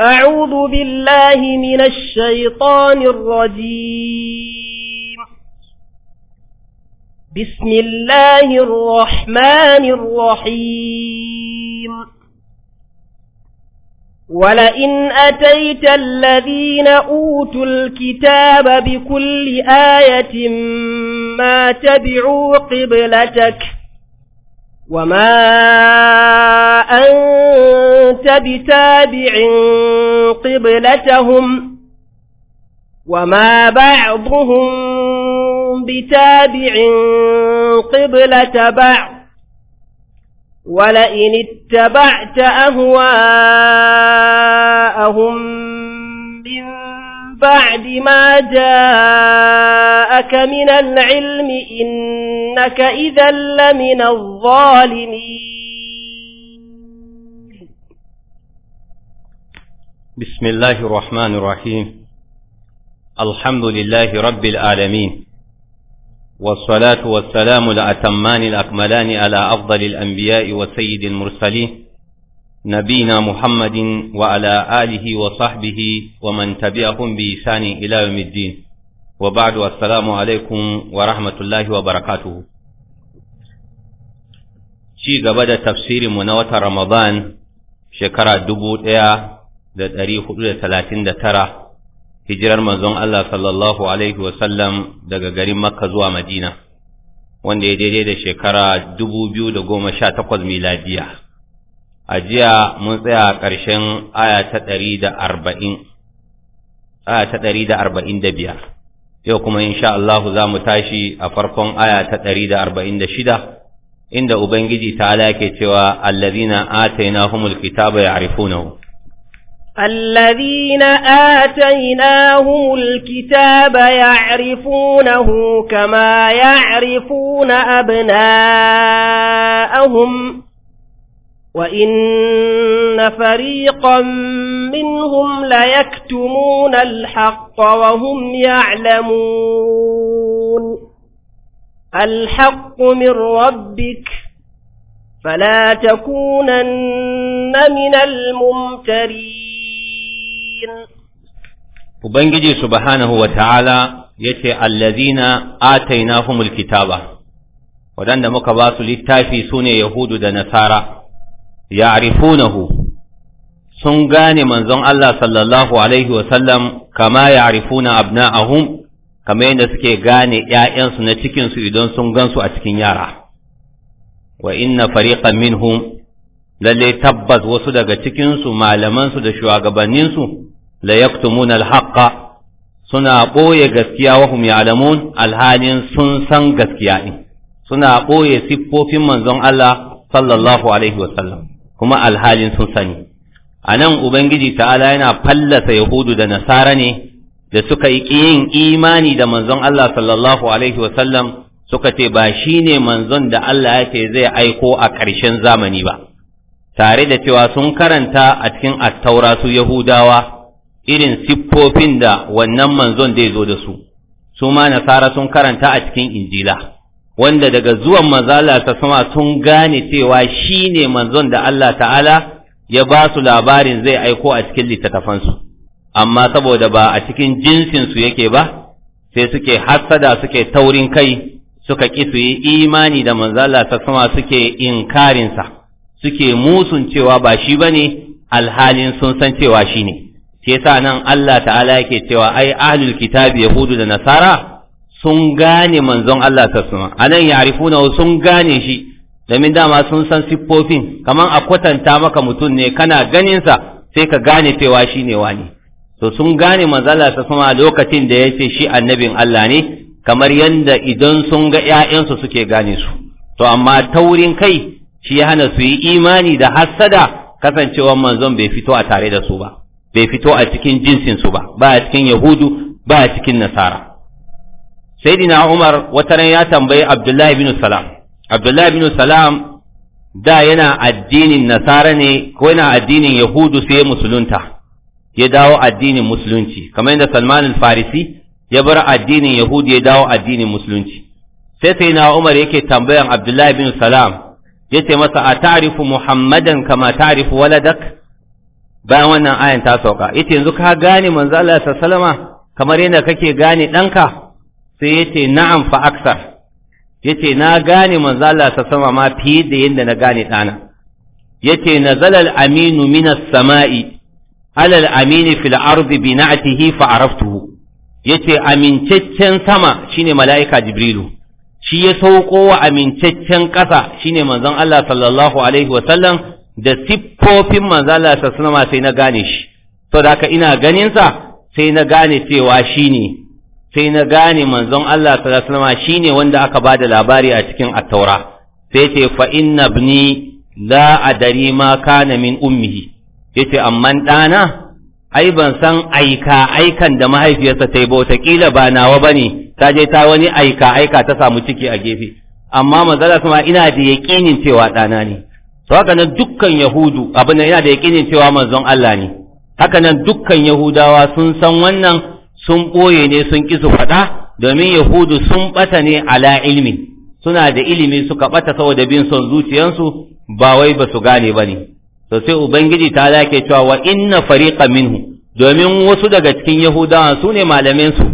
أعوذ بالله من الشيطان الرجيم بسم الله الرحمن الرحيم ولئن أتيت الذين أوتوا الكتاب بكل آية ما تبعوا قبلتك وما أنت بتابع قبلتهم وما بعضهم بتابع قبلة بعض ولئن اتبعت أهواءهم بعد ما جاءك من العلم إنك إذا لمن الظالمين بسم الله الرحمن الرحيم الحمد لله رب العالمين والصلاة والسلام الأتمان الأكملان على أفضل الأنبياء وسيد المرسلين نبينا محمد وعلى آله وصحبه ومن تبعهم بإحسان إلى يوم الدين وبعد السلام عليكم ورحمة الله وبركاته ci gaba da tafsirinmu na watan Ramadan shekara dubu ɗaya da ɗari hudu da talatin da tara hijirar manzon Allah sallallahu Alaihi wasallam daga garin Makka zuwa Madina, wanda ya daidai da shekara dubu biyu da goma sha takwas miladiya. ajiya mun tsaya ƙarshen aya ta ɗari da arba'in aya ta ɗari da arba'in da biyar yau kuma insha Allahu za mu tashi a farkon aya ta ɗari da arba'in da shida inda Ubangiji ta ke cewa allazina atainahumul kitaba ya'rifunahu الذين آتيناهم الكتاب يعرفونه كما يعرفون أبناءهم وإن فريقا منهم ليكتمون الحق وهم يعلمون الحق من ربك فلا تكونن من الممترين وبنجي سبحانه وتعالى يتي الذين آتيناهم الكتابة ودند مكباس للتافي سوني يهود دنسارة ya'rifunahu sun gane manzon Allah sallallahu alaihi wa sallam kama arifuna abna'ahum kama yadda suke gane ‘ya'yansu na cikinsu idan sun gansu a cikin yara, wa inna fariƙan minhum lalle tabbas wasu daga cikinsu malamansu da shugabanninsu la yaktumun alhaqqa suna ɓoye gaskiya wa ya'lamun alhalin sun san gaskiya suna ɓoye siffofin manzon Allah sallallahu alaihi wa sallam kuma alhalin sun sani a nan ubangiji ta'ala yana fallasa yahudu da nasara ne da suka yi yin imani da manzon Allah sallallahu alaihi wasallam suka ce ba shi ne manzon da Allah ya ce zai aiko a ƙarshen zamani ba tare da cewa sun karanta a cikin attaura su yahudawa irin siffofin da wannan manzon zai zo da su su ma nasara sun karanta a cikin injila wanda daga zuwan manzala ta sama sun gane cewa shi ne manzon da Allah ta'ala ya ba su labarin zai aiko a cikin littattafansu amma saboda ba a cikin jinsinsu yake ba sai suke hassada suke taurin kai suka ki su yi imani da manzala ta sama suke inkarinsa suke musun cewa ba shi ba ne alhalin sun san cewa shi ne Ke sa nan Allah ta'ala yake cewa ai ahlul kitabi yahudu da nasara sun gane manzon Allah sassuma a nan ya na sun gane shi domin dama sun san siffofin kamar a kwatanta maka mutum ne kana ganinsa sai ka gane cewa shi ne wani to sun gane manzala ta sama lokacin da ya ce shi annabin Allah ne kamar yadda idan sun ga ‘ya'yansu suke gane su to amma taurin kai shi ya hana su yi imani da hassada kasancewar manzon bai fito a tare da su ba bai fito a cikin jinsinsu ba ba a cikin yahudu ba a cikin nasara Sa'idina Umar wata ran ya tambayi Abdullahi bin Salam Abdullahi bin Salam da yana addinin Nasara ne ko yana addinin Yahudu sai musulunta ya dawo addinin musulunci kamar yadda Salman al-Farisi ya bar addinin Yahudu ya dawo addinin musulunci sai sayyidina Umar yake tambayan Abdullahi bin Salam yace masa a ta'rifu Muhammadan kama ta'rifu waladak bayan wannan ayan ta sauka yace yanzu ka gane manzo Allah sallallahu kamar yadda kake gane danka sai ya ce na'am amfa aksar ce na gane manzala ta sama ma fiye da yadda na gane dana ce na zalal aminu minas samai alal amini fil arzi bi atihi fa Ya ce amincaccen sama shine mala'ika jibrilu shi ya sauko wa amincaccen ƙasa shine manzon Allah sallallahu alaihi wasallam da siffofin manzon Allah sallallahu sai na gane shi to da haka ina ganinsa sai na gane cewa shi ne. sai na gane manzon Allah sallallahu alaihi wasallam shine wanda aka ba da labari a cikin at-taura sai ce fa inna ibni la adari ma kana min ummihi yace amman dana ai ban san aika aikan da mahaifiyarsa ta yi ba watakila ba nawa ba ne ta je ta wani aika aika ta samu ciki a gefe amma manzala kuma ina da yaƙinin cewa ɗana ne to haka nan dukkan yahudu abin ina da yaƙinin cewa manzon Allah ne haka nan dukkan yahudawa sun san wannan sun ɓoye ne sun ƙi su faɗa domin yahudu sun ɓata ne ala ilmi suna da ilimi suka ɓata saboda bin son zuciyansu ba wai ba su gane ba ne to sai ubangiji ta lake cewa wa inna fariqa minhu domin wasu daga cikin yahudawa su ne su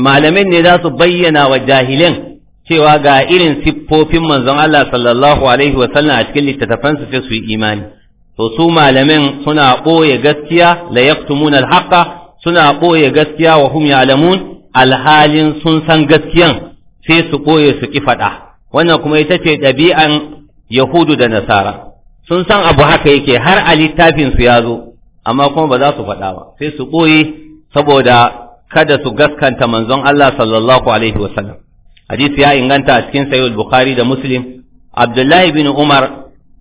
malamin ne za su bayyana wa jahilan cewa ga irin siffofin manzon Allah sallallahu alaihi wa sallam a cikin littattafansu sai su yi imani to su malamin suna ɓoye gaskiya la yaktumuna al suna ɓoye gaskiya wa hum ya'lamun alhalin sun san gaskiyan sai su ɓoye su ki faɗa wannan kuma ita ce ɗabi'an yahudu da nasara sun san abu haka yake har a littafin su ya zo amma kuma ba za su faɗa ba sai su ɓoye saboda kada su gaskanta manzon Allah sallallahu alaihi wasallam hadisi ya inganta a cikin sahih bukhari da muslim abdullahi bin umar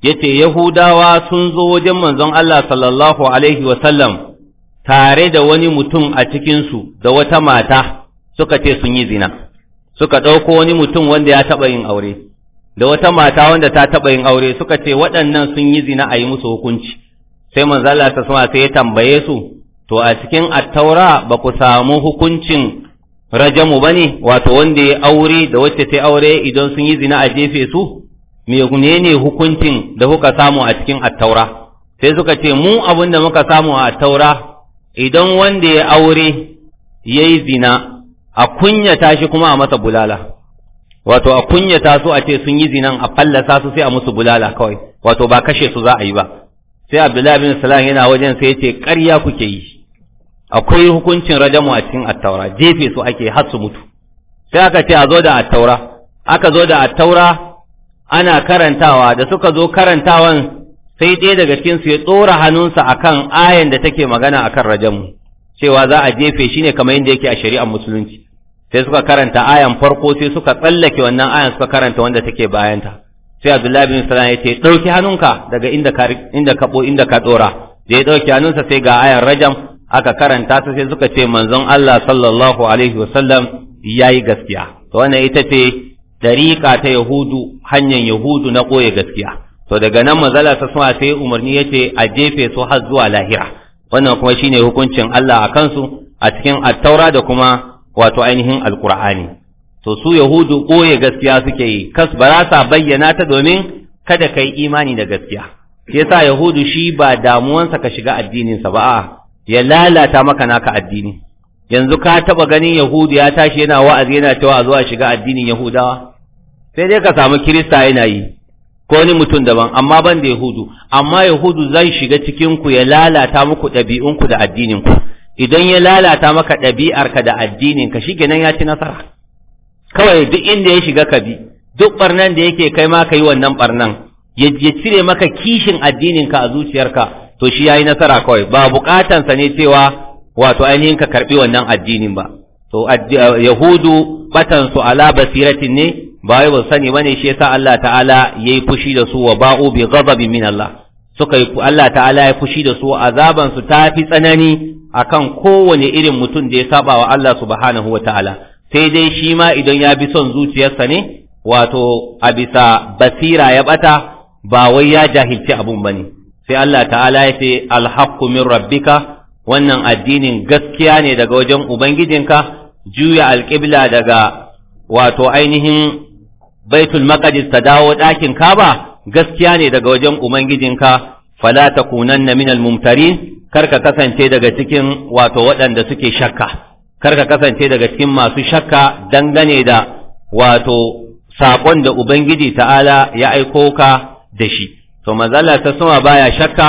yace yahudawa sun zo wajen manzon Allah sallallahu alaihi wasallam tare da wani mutum a cikinsu da wata mata suka ce sun yi zina suka ɗauko wani mutum wanda ya taɓa yin aure da wata mata wanda ta taɓa yin aure suka ce waɗannan sun yi zina a yi musu hukunci sai manzala ta sama sai ya tambaye su to a cikin attaura ba ku samu hukuncin rajamu ba ne wato wanda ya aure da wacce ta aure idan sun yi zina a jefe su me menene hukuncin da kuka samu a cikin attaura sai suka ce mu abinda muka samu a attaura idan wanda ya aure ya yi zina a kunyata shi kuma a masa bulala wato a kunyata su a ce sun yi zinan a fallasa su sai a musu bulala kawai wato ba kashe su za a yi ba sai abdullahi bin salam yana wajen sai ce ƙarya kuke yi akwai hukuncin rajamu a cikin attaura jefe su ake har su mutu sai aka ce a zo da attaura aka zo da attaura ana karantawa da suka zo karantawan sai ɗaya daga cikin su ya tsora hannunsa akan ayan da take magana a kan rajamu cewa za a jefe shi ne kamar yadda yake a shari'ar musulunci sai suka karanta ayan farko sai suka tsallake wannan ayan suka karanta wanda take bayanta sai Abdullahi bin Salam ya ce ɗauki hannunka daga inda ka inda inda ka tsora da ya ɗauki hannunsa sai ga ayan rajam aka karanta ta sai suka ce manzon Allah sallallahu alaihi wasallam yayi gaskiya to wannan ita ce dariƙa ta yahudu hanyar yahudu na ƙoye gaskiya to daga nan mazala ta suna sai umarni ya ce a jefe su har zuwa lahira wannan kuma shi ne hukuncin Allah a kansu a cikin attaura da kuma wato ainihin alkur'ani to su yahudu koye gaskiya suke yi kas ba za bayyana ta domin kada ka yi imani da gaskiya ya sa yahudu shi ba damuwansa ka shiga addininsa ba ya lalata maka naka addini yanzu ka taba ganin yahudu ya tashi yana wa'azi yana cewa a zuwa shiga addinin yahudawa sai dai ka samu kirista yana yi ko wani mutum daban amma ban da yahudu amma yahudu zai shiga cikin ku ya lalata muku ku da addinin ku idan ya lalata maka ɗabi'arka da addinin ka nan ya ci nasara kawai duk inda ya shiga ka bi duk barnan da yake kai ma ka yi wannan barnan ya cire maka kishin addinin ka a zuciyarka to shi ya yi nasara kawai ba bukatansa ne cewa wato ainihin ka karbi wannan addinin ba to yahudu batan su ala basiratin ne ba wai ba sani bane shi yasa Allah ta'ala yayi fushi da su wa ba'u bi ghadabin min Allah suka yi Allah ta'ala ya fushi da su azaban su tafi tsanani akan kowane irin mutum da ya saba wa Allah subhanahu wa ta'ala sai dai shi ma idan ya bi son zuciyarsa ne wato a bisa basira ya bata ba wai ya jahilci abun bane sai Allah ta'ala ya ce alhaqqu min rabbika wannan addinin gaskiya ne daga wajen ubangijinka juya alqibla daga wato ainihin baitul maqdis ta dawo ɗakin kaba gaskiya ne daga wajen ubangijinka fala takunanna minal mumtarin karka kasance daga cikin wato waɗanda suke shakka kar ka kasance daga cikin masu shakka dangane da wato saƙon da ubangiji ta'ala ya aiko ka da shi to manzala ta sama baya shakka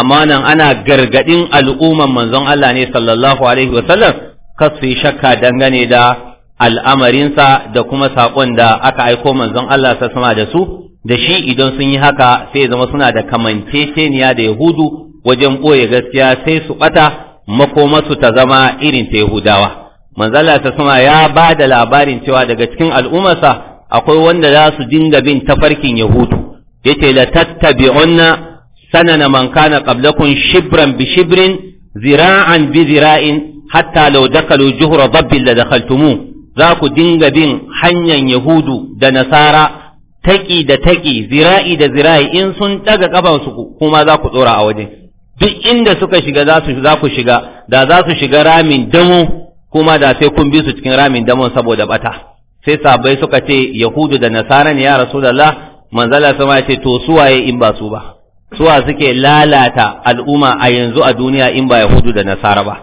amma nan ana gargadin al'umman manzon Allah ne sallallahu alaihi wasallam kasu shakka dangane da al'amarinsa da kuma saƙon da aka aiko manzon Allah ta sama da su da shi idan sun yi haka sai zama suna da kamanceceniya da yahudu wajen ɓoye gaskiya sai su ɓata makomasu ta zama irin ta yahudawa manzala ta sama ya ba da labarin cewa daga cikin al'ummarsa akwai wanda za su dinga bin tafarkin yahudu yace la tattabi'unna sanana man kana qablakum shibran bi shibrin zira'an bi zira'in hatta law dakalu juhra dabbil la dakaltumu za ku dinga bin hanyar yahudu da nasara taƙi da taƙi zira'i da zira'i in sun ɗaga ƙafansu kuma za ku tsora a wajen duk inda suka shiga za ku shiga da za su shiga ramin damo kuma da sai kun bi su cikin ramin damon saboda bata sai sabai suka ce yahudu da nasara ne ya rasulullah manzala sama ce to suwaye in ba su ba suwa suke lalata al'umma a yanzu a duniya in ba yahudu da nasara ba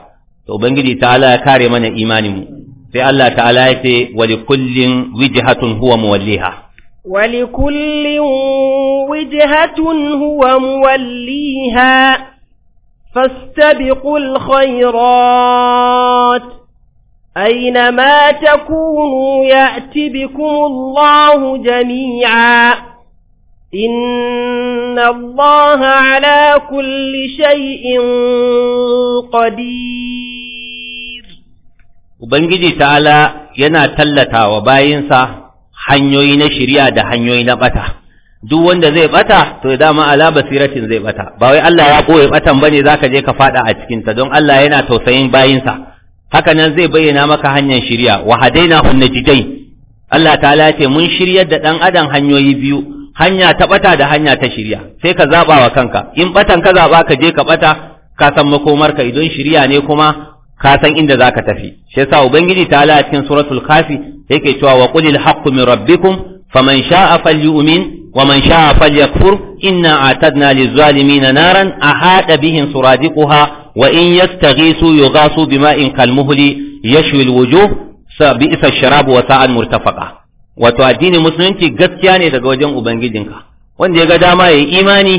to ubangiji ta ya kare mana imanin mu sai Allah ta'ala ya ce wa likullin wijhatun huwa muwalliha wa likullin wijhatun huwa muwalliha fastabiqul khairat أينما تكونوا يأتي بكم الله جميعا إن الله على كل شيء قدير ubangiji ta'ala yana tallata wa bayinsa hanyoyi na shirya da hanyoyi na bata duk wanda zai bata to dama ala basiratin zai bata ba wai Allah ya koye batan ba ne, za ka je ka faɗa a cikinta. don Allah yana tausayin bayinsa haka nan zai bayyana maka hanyar shirya, wa hadaina jijai, Allah ta'ala ce mun shiryar da ɗan adam hanyoyi biyu hanya ta bata da hanya ta shirya. sai ka zaɓa wa kanka in batan ka zaba ka je ka bata ka san makomar ka idan shirya ne kuma ka san inda zaka tafi shi yasa ubangiji ta ala cikin suratul kafi yake cewa wa qulil haqqu min rabbikum faman sha'a falyu'min wa man sha'a falyakfur inna a'tadna lizzalimina naran ahata bihim suradiquha wa in yastaghisu yughasu bima'in kalmuhli yashwi alwujuh bi'sa ash-sharab wa sa'al murtafaqa wato addinin musulunci gaskiya ne daga wajen ubangijinka wanda ya ga dama yayi imani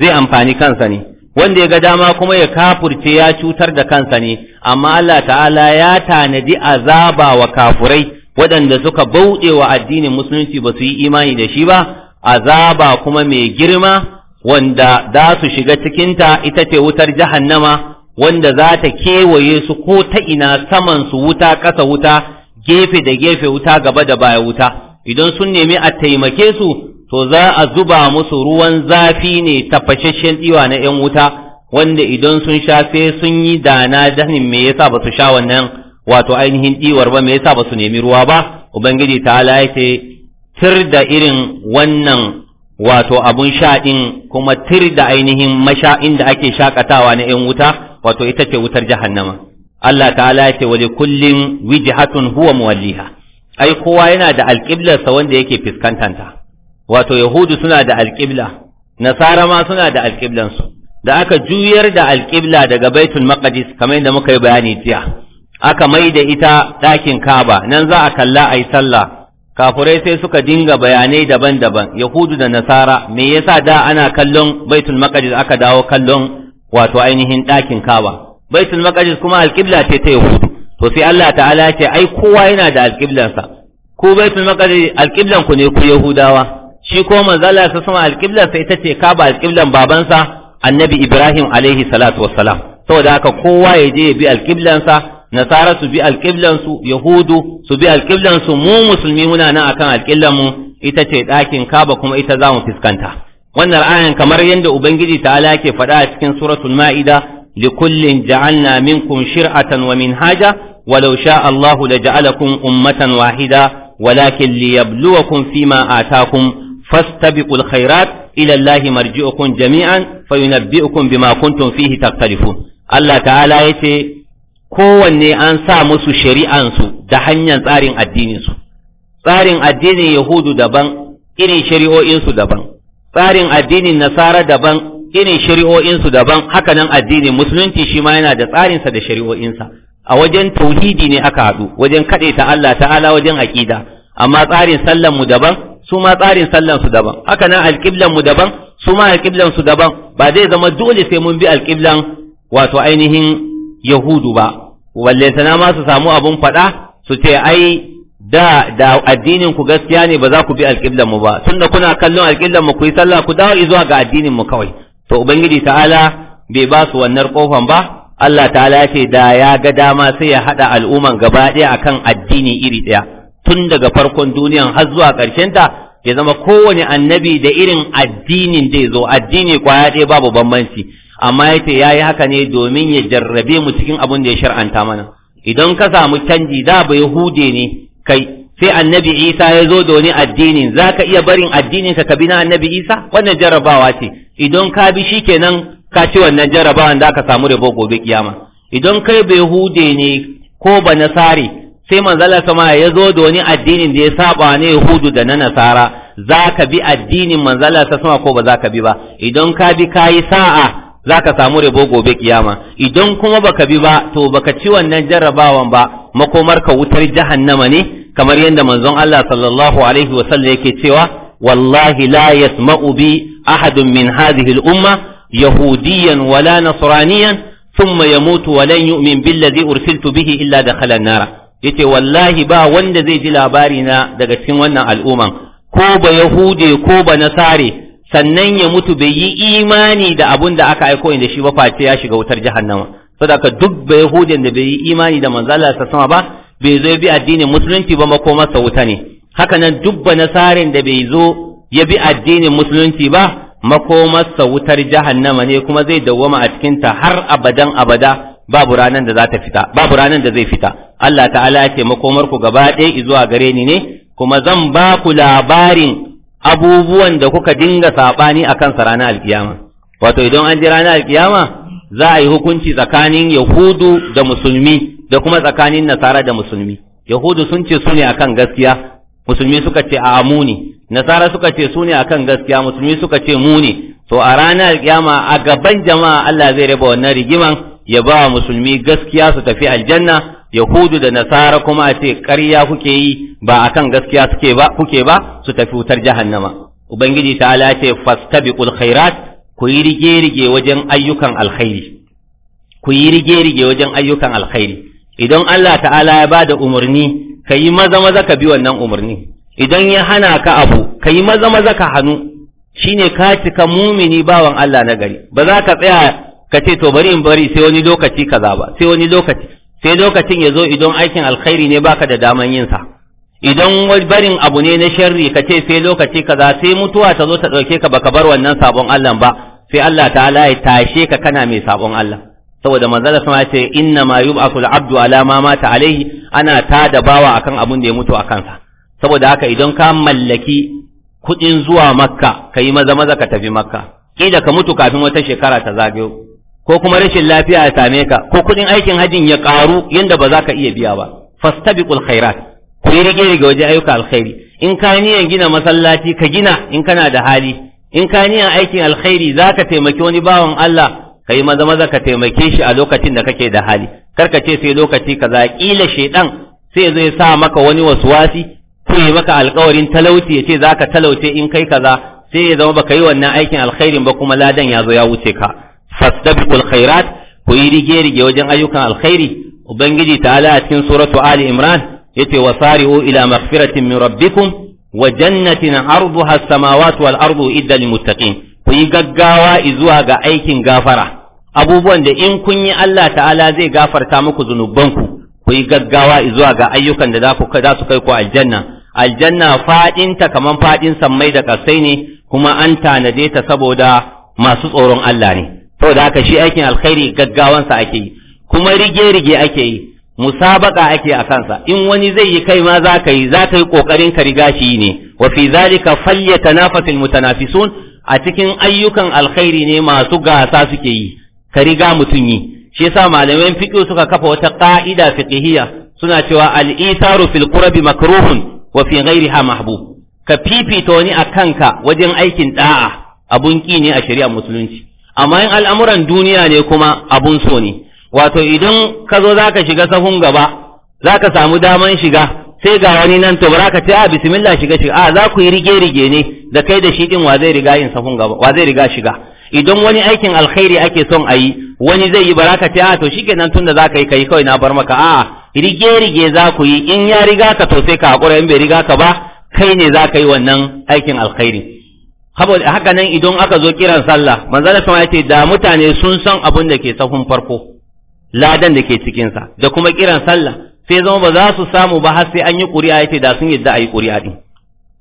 zai amfani kansa ne wanda ya ga dama kuma ya kafurce ya cutar da kansa ne amma Allah ta'ala ya tanadi azaba wa kafurai waɗanda suka bauɗe wa addinin musulunci ba su yi imani da shi ba azaba kuma mai girma wanda za su shiga cikinta ita ce wutar jahannama wanda za ta kewaye su ko ta ina saman su wuta ƙasa wuta gefe da gefe wuta gaba da baya wuta idan sun nemi a taimake su to za a zuba musu ruwan zafi ne tafashashen ɗiwa na ‘yan wuta wanda idan sun sha sai sun yi dana danin me yasa ba su sha wannan wato ainihin ɗiwar ba me yasa ba su nemi ruwa ba ubangiji ta ya tir da irin wannan wato abun sha ɗin kuma tir da ainihin masha'in da ake shakatawa na ‘yan wuta wato ita ce wutar jahannama Allah ta'ala ya ce wa kullin wijihatun huwa muwalliha ai kowa yana da alƙiblarsa wanda yake fuskantanta wato yahudu suna da alƙibla nasara ma suna da alƙiblansu da aka juyar da alƙibla daga baitul maqdis kamar yadda muka yi bayani jiya aka mai da ita ɗakin kaba nan za a kalla a yi sallah kafurai sai suka dinga bayanai daban-daban yahudu da nasara me yasa da ana kallon baitul maqdis aka dawo kallon wato ainihin ɗakin kaba baitul maqdis kuma alƙibla ce ta yahudu to sai Allah ta'ala ce ai kowa yana da alƙiblansa ku baitul maqdis alƙiblan ku ne ku yahudawa shi ko manzala ta sama alƙibla sai ta ce kaba alƙiblan babansa annabi ibrahim alaihi salatu wassalam saboda haka kowa ya je ya bi alƙiblansa nasara su bi su yahudu su bi su mu musulmi muna nan akan mu ita ce ɗakin kaba kuma ita za mu fuskanta wannan ayan kamar yadda ubangiji ta'ala ke faɗa a cikin suratul ma'ida لكل جعلنا منكم شرعة ومنهاجا ولو شاء الله لجعلكم أمة واحدة ولكن ليبلوكم فيما آتاكم fastabiqul khairat ilallahi Allah marji'ukum jami'an fayunabbi'ukum bima kuntum fihi takhtalifun Allah ta'ala yace kowanne an sa musu shari'an su da hanyar tsarin addininsu. su tsarin addinin yahudu daban irin shari'o'in daban tsarin addinin nasara daban irin shari'o'in daban haka nan addinin musulunci shi ma yana da tsarinsa da shari'o'insa. a wajen tauhidi ne aka haɗu wajen kaɗe ta Allah ta'ala wajen aƙida amma tsarin sallan mu daban su ma tsarin sallansu daban haka nan alƙiblan mu daban su ma alƙiblan su daban ba zai zama dole sai mun bi alƙiblan wato ainihin yahudu ba wallantana ma su samu abun faɗa su ce ai da da addinin ku gaskiya ne ba za ku bi alƙiblan mu ba tunda kuna kallon alƙiblan mu ku yi sallah ku dawo zuwa ga addinin mu kawai to ubangiji ta'ala bai ba su wannan kofan ba Allah ta'ala ce da ya ga dama sai ya haɗa al'umman gaba ɗaya akan addini iri ɗaya tun daga farkon duniyan har zuwa ta ya zama kowane annabi da irin addinin da zo addini kwaya ɗaya babu bambanci amma ya ce ya yi haka ne domin ya jarrabe mu cikin abin da ya shar'anta mana idan ka samu canji da ba yahude ne kai sai annabi isa ya zo da wani addinin za ka iya barin addinin ka bi na annabi isa wannan jarrabawa ce idan ka bi shi kenan ka ci wannan jarrabawan da ka samu rabo gobe kiyama idan kai bai hude ne ko ba nasari sai manzala sama ya zo da wani addinin da ya saba ne yahudu da na nasara za ka bi addinin manzala sama ko ba za ka bi ba idan ka bi ka yi sa'a za ka samu rabo gobe kiyama idan kuma baka bi ba to baka ci wannan jarrabawan ba makomar ka wutar jahannama ne kamar yadda manzon Allah sallallahu alaihi wa sallam yake cewa wallahi la yasma'u bi ahadun min hadhihi al-umma yahudiyan wala nasraniyan thumma yamutu wa lan yu'min billadhi ursiltu bihi illa dakhala an-nara yace wallahi ba wanda zai ji labari na daga cikin wannan al'umma ko ba yahude ko ba nasare sannan ya mutu bai yi imani da abun da aka aiko inda shi ba face ya shiga wutar jahannama saboda duk ba yahude da bai yi imani da manzo Allah sama ba bai zo bi addinin musulunci ba makomarsa wuta ne haka nan duk ba nasarin da bai zo ya bi addinin musulunci ba makomarsa wutar jahannama ne kuma zai dawwama a cikinta har abadan abada babu ranan da za ta fita babu ranar da zai fita Allah ta'ala ya ce makomar ku gaba ɗaya zuwa gare ni ne kuma zan ba ku labarin abubuwan da kuka dinga saɓani akan kansa ranar alkiyama wato idan an ji ranar alkiyama za a yi hukunci tsakanin yahudu da musulmi da kuma tsakanin nasara da musulmi yahudu sun ce su ne akan gaskiya musulmi suka ce a amuni nasara suka ce su ne akan gaskiya musulmi suka ce muni to a ranar alkiyama a gaban jama'a Allah zai raba wannan rigiman ya ba musulmi gaskiya su tafi aljanna yahudu da nasara kuma a ce ƙarya kuke yi ba kan gaskiya kuke ba su tafi wutar jahannama ubangiji ta'ala ce fastabi khairat ku yi rige rige wajen ayyukan alkhairi ku yi rige rige wajen ayyukan alkhairi idan Allah ta'ala ya bada umarni ka yi maza maza ka bi wannan umarni idan ya hana ka abu ka yi maza maza ka hannu shine ka cika mumini bawan Allah na gari ba za ka tsaya ka ce to bari in bari sai wani lokaci kaza ba sai wani lokaci sai lokacin ya zo idan aikin alkhairi ne baka da daman yin sa idan barin abu ne na sharri ka ce sai lokaci kaza sai mutuwa ta zo ta dauke ka baka bar wannan sabon Allah ba sai Allah ta'ala ya tashe ka kana mai sabon Allah saboda manzala sama ya ce inna ma yub'athu abdu ala ma mata alaihi ana tada bawa akan abun da ya mutu a kansa saboda haka idan ka mallaki kudin zuwa makka ka yi maza maza ka tafi makka kila ka mutu kafin wata shekara ta zagayo ko kuma rashin lafiya ya same ka ko kuɗin aikin hajjin ya karu yadda ba za ka iya biya ba fastabiqul khairat ku yi rige rige waje ayyuka alkhairi in ka niyan gina masallaci ka gina in kana da hali in ka niyan aikin alkhairi za ka taimaki wani bawan Allah ka yi maza maza ka taimake shi a lokacin da kake da hali kar ka ce sai lokaci kaza kila shedan sai zai sa maka wani waswasi ko ya maka alƙawarin talauci ya ce za ka talauce in kai kaza sai ya zama baka yi wannan aikin alkhairin ba kuma ladan ya zo ya wuce ka fastabiqul khairat kuyi rige rige wajen ayyukan alkhairi ubangiji ta'ala a cikin suratu ali imran yace wasari'u ila maghfiratin min rabbikum wa jannatin arduha as-samawati wal ardu idda lil kuyi gaggawa zuwa ga aikin gafara abubuwan da in kun yi Allah ta'ala zai gafarta muku zunubanku kuyi gaggawa zuwa ga ayyukan da za su kai ku aljanna aljanna faɗinta kamar faɗin sammai da ƙasai ne kuma an tanade ta saboda masu tsoron Allah ne saboda haka shi aikin alkhairi gaggawansa ake yi kuma rige rige ake yi musabaka ake a kansa in wani zai yi kai ma za ka yi za ka yi ƙoƙarin ka riga shi ne wa fi zalika falyatanafasul mutanafisun a cikin ayyukan alkhairi ne masu gasa suke yi ka riga mutum yi shi yasa malaman fiqh suka kafa wata ƙa'ida fiqhiyya suna cewa al-itharu fil qurbi makruhun wa fi ghairiha mahbub ka fifita wani kanka wajen aikin da'a abun ki ne a shari'ar musulunci amma in al'amuran duniya ne kuma abun so ne wato idan ka zo za ka shiga sahun gaba za ka samu daman shiga sai ga wani nan to ba ka ce a ah, bismillah shiga shiga a ah, za ku yi rige rige ne da kai da shi din wa zai riga yin sahun gaba wa zai riga shiga idan wani aikin alkhairi ake son a yi wani zai yi bara ce a ah, to tun da za ka yi ka yi kawai na bar maka a rige rige za ku yi in ya riga ka to sai ka haƙura in bai riga ka ba kai ne za ka yi wannan aikin alkhairi saboda haka nan idan aka zo kiran sallah manzo Allah ya ce da mutane sun san abin da ke sahun farko ladan da ke cikin sa da kuma kiran sallah sai zama ba za su samu ba har sai an yi ƙuri'a yace da sun yadda ayi ƙuri'a din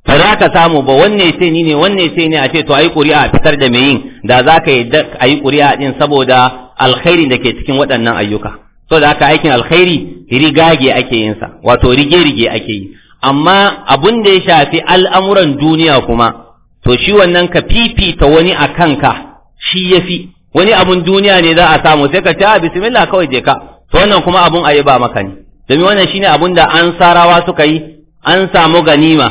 ba za ka samu ba wanne ce ni ne wanne ce ni a ce to ayi ƙuri'a fitar da mai yin da za ka yadda ayi ƙuri'a din saboda alkhairin da ke cikin waɗannan ayyuka so da haka aikin alkhairi rigage ake yin sa wato rige rige ake yi amma abun da ya shafi al'amuran duniya kuma to shi wannan ka fifita wani a kanka shi ya fi wani abun duniya ne za a samu sai ka ce a ah, bismillah kawai je ka to wannan kuma abun a yi ba maka ne domin wannan shine abun da an sarawa suka yi an samu ganima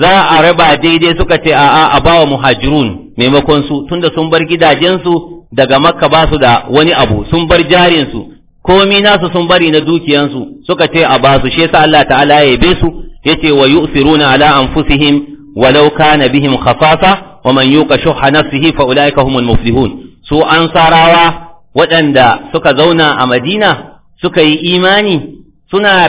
za a raba daidai suka ce a'a a bawa muhajirun maimakon su tunda sun bar gidajensu daga makka ba su da wani abu sun bar jarinsu komi nasu sun bari na dukiyansu suka ce a ba su shi yasa Allah ta'ala ya yabe su yace wa yu'siruna ala anfusihim walau kana bihim khasasa wa man yuqa shuhha nafsihi fa ulaika humul muflihun su ansarawa waɗanda suka zauna a Madina suka yi imani suna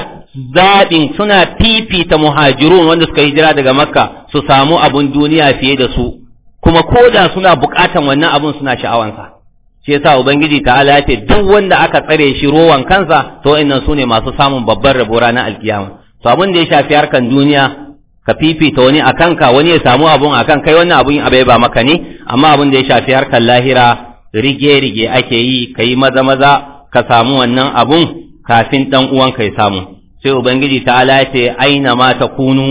zaɓin suna fifita muhajirun wanda suka jira daga makka su samu abun duniya fiye da su kuma ko da suna buƙatan wannan abun suna sha'awansa shi yasa ubangiji ta'ala ya duk wanda aka tsare shi rowan kansa to innan su ne masu samun babban rabo ranar alkiyama to abin da ya shafi harkan duniya ka fifita wani a kanka wani ya samu abun a kan kai wannan abun abai ba maka ne amma abun da ya shafi harkar lahira rige rige ake yi ka yi maza maza ka samu wannan abun kafin dan uwanka ya samu sai ubangiji ta ce aina ma ta kunu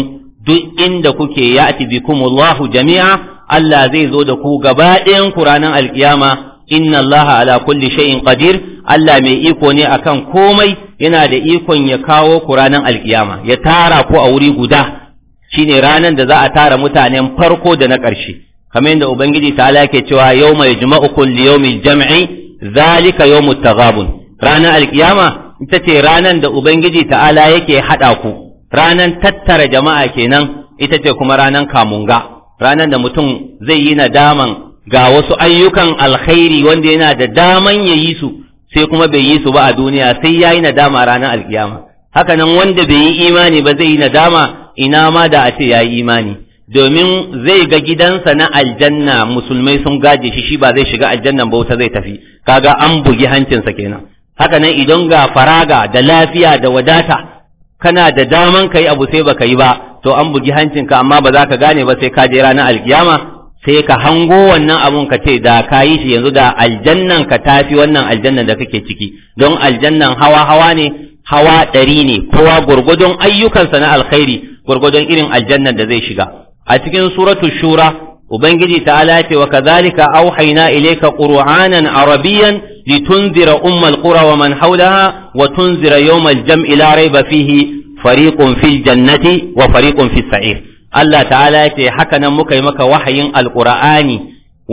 duk inda kuke ya'ti Allahu jami'a Allah zai zo da ku gaba ɗayan ku ranar alkiyama inna Allah ala kulli shay'in qadir Allah mai iko ne akan komai yana da ikon ya kawo ku ranar alkiyama ya tara ku a wuri guda shine ranan da za a tara mutanen farko da na ƙarshe kamar yadda ubangiji ta yake cewa yau mai li yawmil jam'i zalika ta gabun. ranar alkiyama ita ce ranan da ubangiji ta'ala yake haɗa ku ranan tattara jama'a kenan ita ce kuma ranan kamunga ranan da mutum zai yi nadaman ga wasu ayyukan alkhairi wanda yana da daman ya yi su sai kuma bai yi su ba a duniya sai ya yi nadama ranar alkiyama haka nan wanda bai yi imani ba zai yi nadama ina ma da a ce ya yi imani domin zai ga gidansa na aljanna musulmai sun gaje shi shi ba zai shiga aljannan wuta zai tafi kaga an bugi hancinsa kenan haka nan idan ga faraga da lafiya da wadata kana da daman kai abu sai baka yi ba to an bugi hancinka amma ba za ka gane ba sai ka je ranar alkiyama sai ka hango wannan abun ka ce da ka yi shi yanzu da aljannan ka tafi wannan aljannan da kake ciki don aljannan hawa hawa ne hawa ɗari ne kowa gurgudun ayyukansa na alkhairi gurgudun irin aljannan da zai shiga a cikin suratul shura ubangiji ta alace wa kadhalika auhayna ilayka qur'anan arabiyyan litunzira ummal qura wa man hawlaha wa tunzira yawmal jam'i la rayba fihi fariqun fil jannati wa fariqun fis sa'ir Allah ta'ala ce haka nan muka yi maka wahayin alqur'ani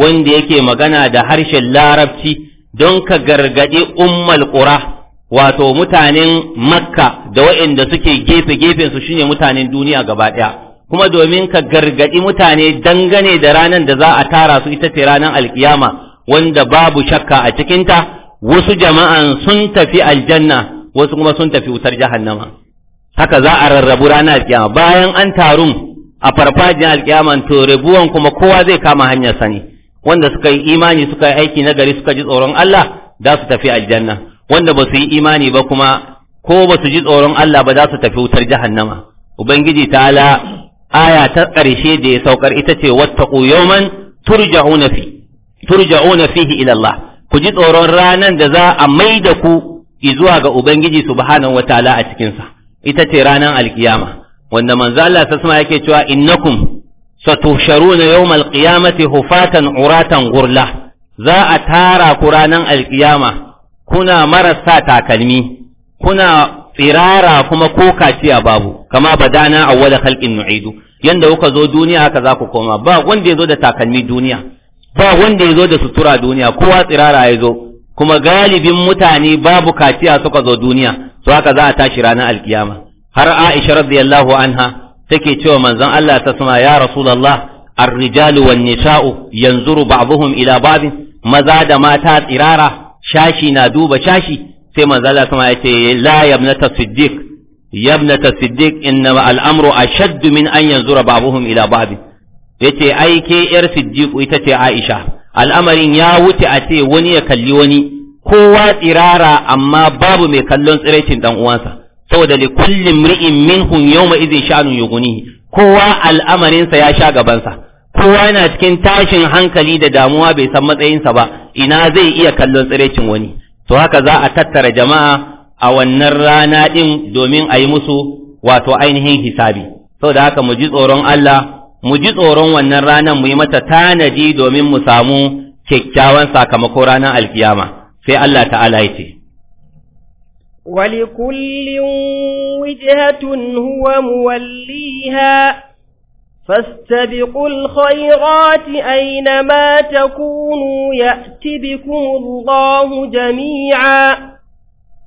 wanda yake magana da harshen larabci don ka gargadi ummal qura wato mutanen makka da waɗanda suke gefe gefen su shine mutanen duniya gaba ɗaya kuma domin ka gargaɗi mutane dangane da ranar da za a tara su ita ce ranar alkiyama wanda babu shakka a cikinta wasu jama'an sun tafi aljanna wasu kuma sun tafi wutar jahannama haka za a rarrabu ranar alkiyama bayan an tarun a farfajin alkiyaman to rabuwan kuma kowa zai kama hanyar sani wanda suka yi imani suka yi aiki na gari suka ji tsoron Allah za su tafi aljanna wanda ba su yi imani ba kuma ko ba su ji tsoron Allah ba za su tafi wutar jahannama ubangiji ala aya ta ƙarshe da ya saukar ita ce wattaqu yawman turja'una fi turja'una fihi ila Allah ku ji tsoron ranan da za a mai da ku zuwa ga ubangiji subhanahu wataala a cikin sa ita ce ranan alkiyama wanda manzo Allah sasma yake cewa innakum satusharuna yawmal qiyamati hufatan uratan gurla za a tara ku ranan alkiyama kuna marasa takalmi kuna tsirara kuma ko kaciya babu kama badana wada khalqin nu'idu yanda kuka zo duniya haka za ku koma ba wanda ya zo da takalmi duniya ba wanda ya zo da sutura duniya kowa tsirara ya zo kuma galibin mutane babu kaciya suka zo duniya to haka za a tashi ranar alkiyama har Aisha radiyallahu anha take cewa manzon Allah ta sama ya Rasulullah ar-rijalu wan nisa'u yanzuru ba'dhum ila ba'd maza da mata tsirara shashi na duba shashi sai manzo Allah sama ya ce la yabnata siddiq yabnata siddiq innama al'amru ashaddu min an yanzura babuhum ila babin yace ai ke yar siddiq ita ce Aisha al'amarin ya wuce a ce wani ya kalli wani kowa tsirara amma babu mai kallon tsiraicin dan uwansa saboda li kulli mri'in minhum yawma idhin sha'nun yughnihi kowa al'amarinsa ya sha gabansa kowa yana cikin tashin hankali da damuwa bai san matsayinsa ba ina zai iya kallon tsirecin wani to haka za a tattara jama'a a wannan rana din domin a yi musu wato ainihin hisabi saboda haka mu ji tsoron Allah mu ji tsoron wannan ranar mu yi mata tanadi domin mu samu kyakkyawan sakamako ranar alkiyama sai Allah ta'ala ya ce ولكل wijhatun huwa muwalliha فاستبقوا الخيرات أينما تكونوا يأتي بكم الله جميعا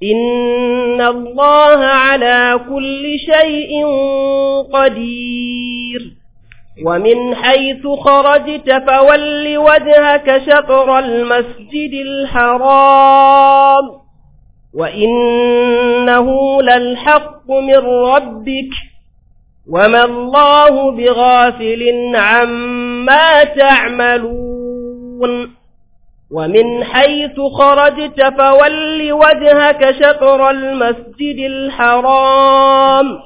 إن الله على كل شيء قدير ومن حيث خرجت فول وجهك شطر المسجد الحرام وإنه للحق من ربك وما الله بغافل عما تعملون ومن حيث خرجت فول وجهك شطر المسجد الحرام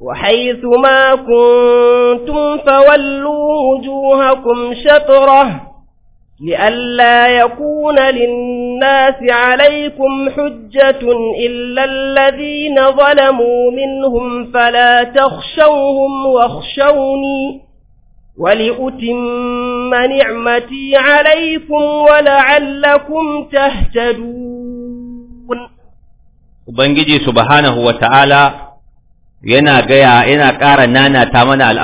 وحيث ما كنتم فولوا وجوهكم شطره لئلا يكون للناس عليكم حجة إلا الذين ظلموا منهم فلا تخشوهم واخشوني ولأتم نعمتي عليكم ولعلكم تهتدون وبنجي سبحانه وتعالى ينا yana ينا yana ƙara nana ta mana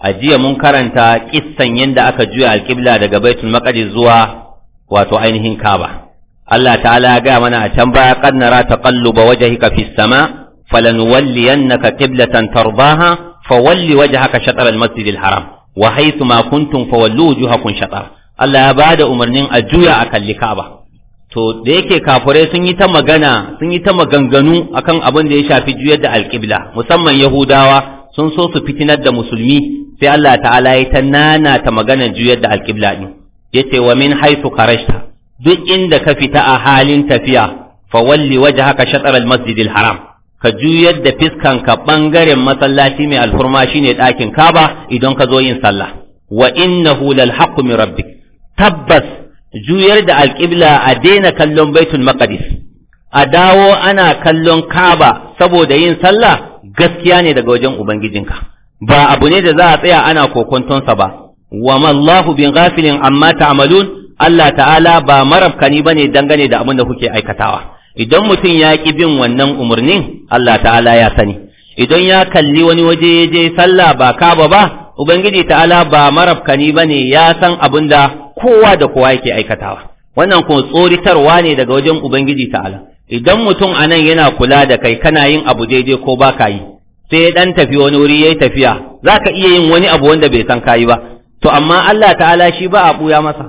a jiya mun karanta kissan yadda aka juya alƙibla daga baitul maqdis zuwa wato ainihin kaba Allah ta'ala ya gaya mana a can baya qad nara taqalluba wajhika fis sama falanuwalliyannaka qiblatan tardaha fawalli wajhaka shatr al-masjid haram wa haythu ma kuntum fawallu wujuhakum shatr Allah ya bada umarnin a juya a kalli kaba to da yake kafurai sun yi ta magana sun yi ta maganganu akan abin da ya shafi juyar da alƙibla musamman yahudawa sun so su fitinar da musulmi sai Allah ta'ala ya ta nana ta maganar juyar da alƙibla ɗin ya ce wa min ka kharajta duk inda ka fita a halin tafiya fa walli waje haka al-masjid haram ka juyar da fiskanka ɓangaren masallaci mai alhurma shine ɗakin Kaba idan ka zo yin sallah wa innahu lal haqqu min rabbik tabbas juyar da alƙibla a daina kallon baitul maqdis a dawo ana kallon kaba saboda yin sallah gaskiya ne daga wajen ubangijinka ba abu ne da za a tsaya ana kokontonsa ba wa mallahu bin ghafilin amma ta'malun Allah ta'ala ba marabkani bane dangane da abin da kuke aikatawa idan mutum ya ki bin wannan umarnin Allah ta'ala ya sani idan ya kalli wani waje ya je sallah ba kaba ba ubangiji ta'ala ba marabkani bane ya san abin da kowa da kowa yake aikatawa wannan kuma tsoritarwa ne daga wajen ubangiji ta'ala idan mutum anan yana kula da kai kana yin abu daidai ko ba ka yi sai dan tafi wani wuri yayi tafiya zaka iya yin wani abu wanda bai san kai ba to amma Allah ta'ala shi ba a buya masa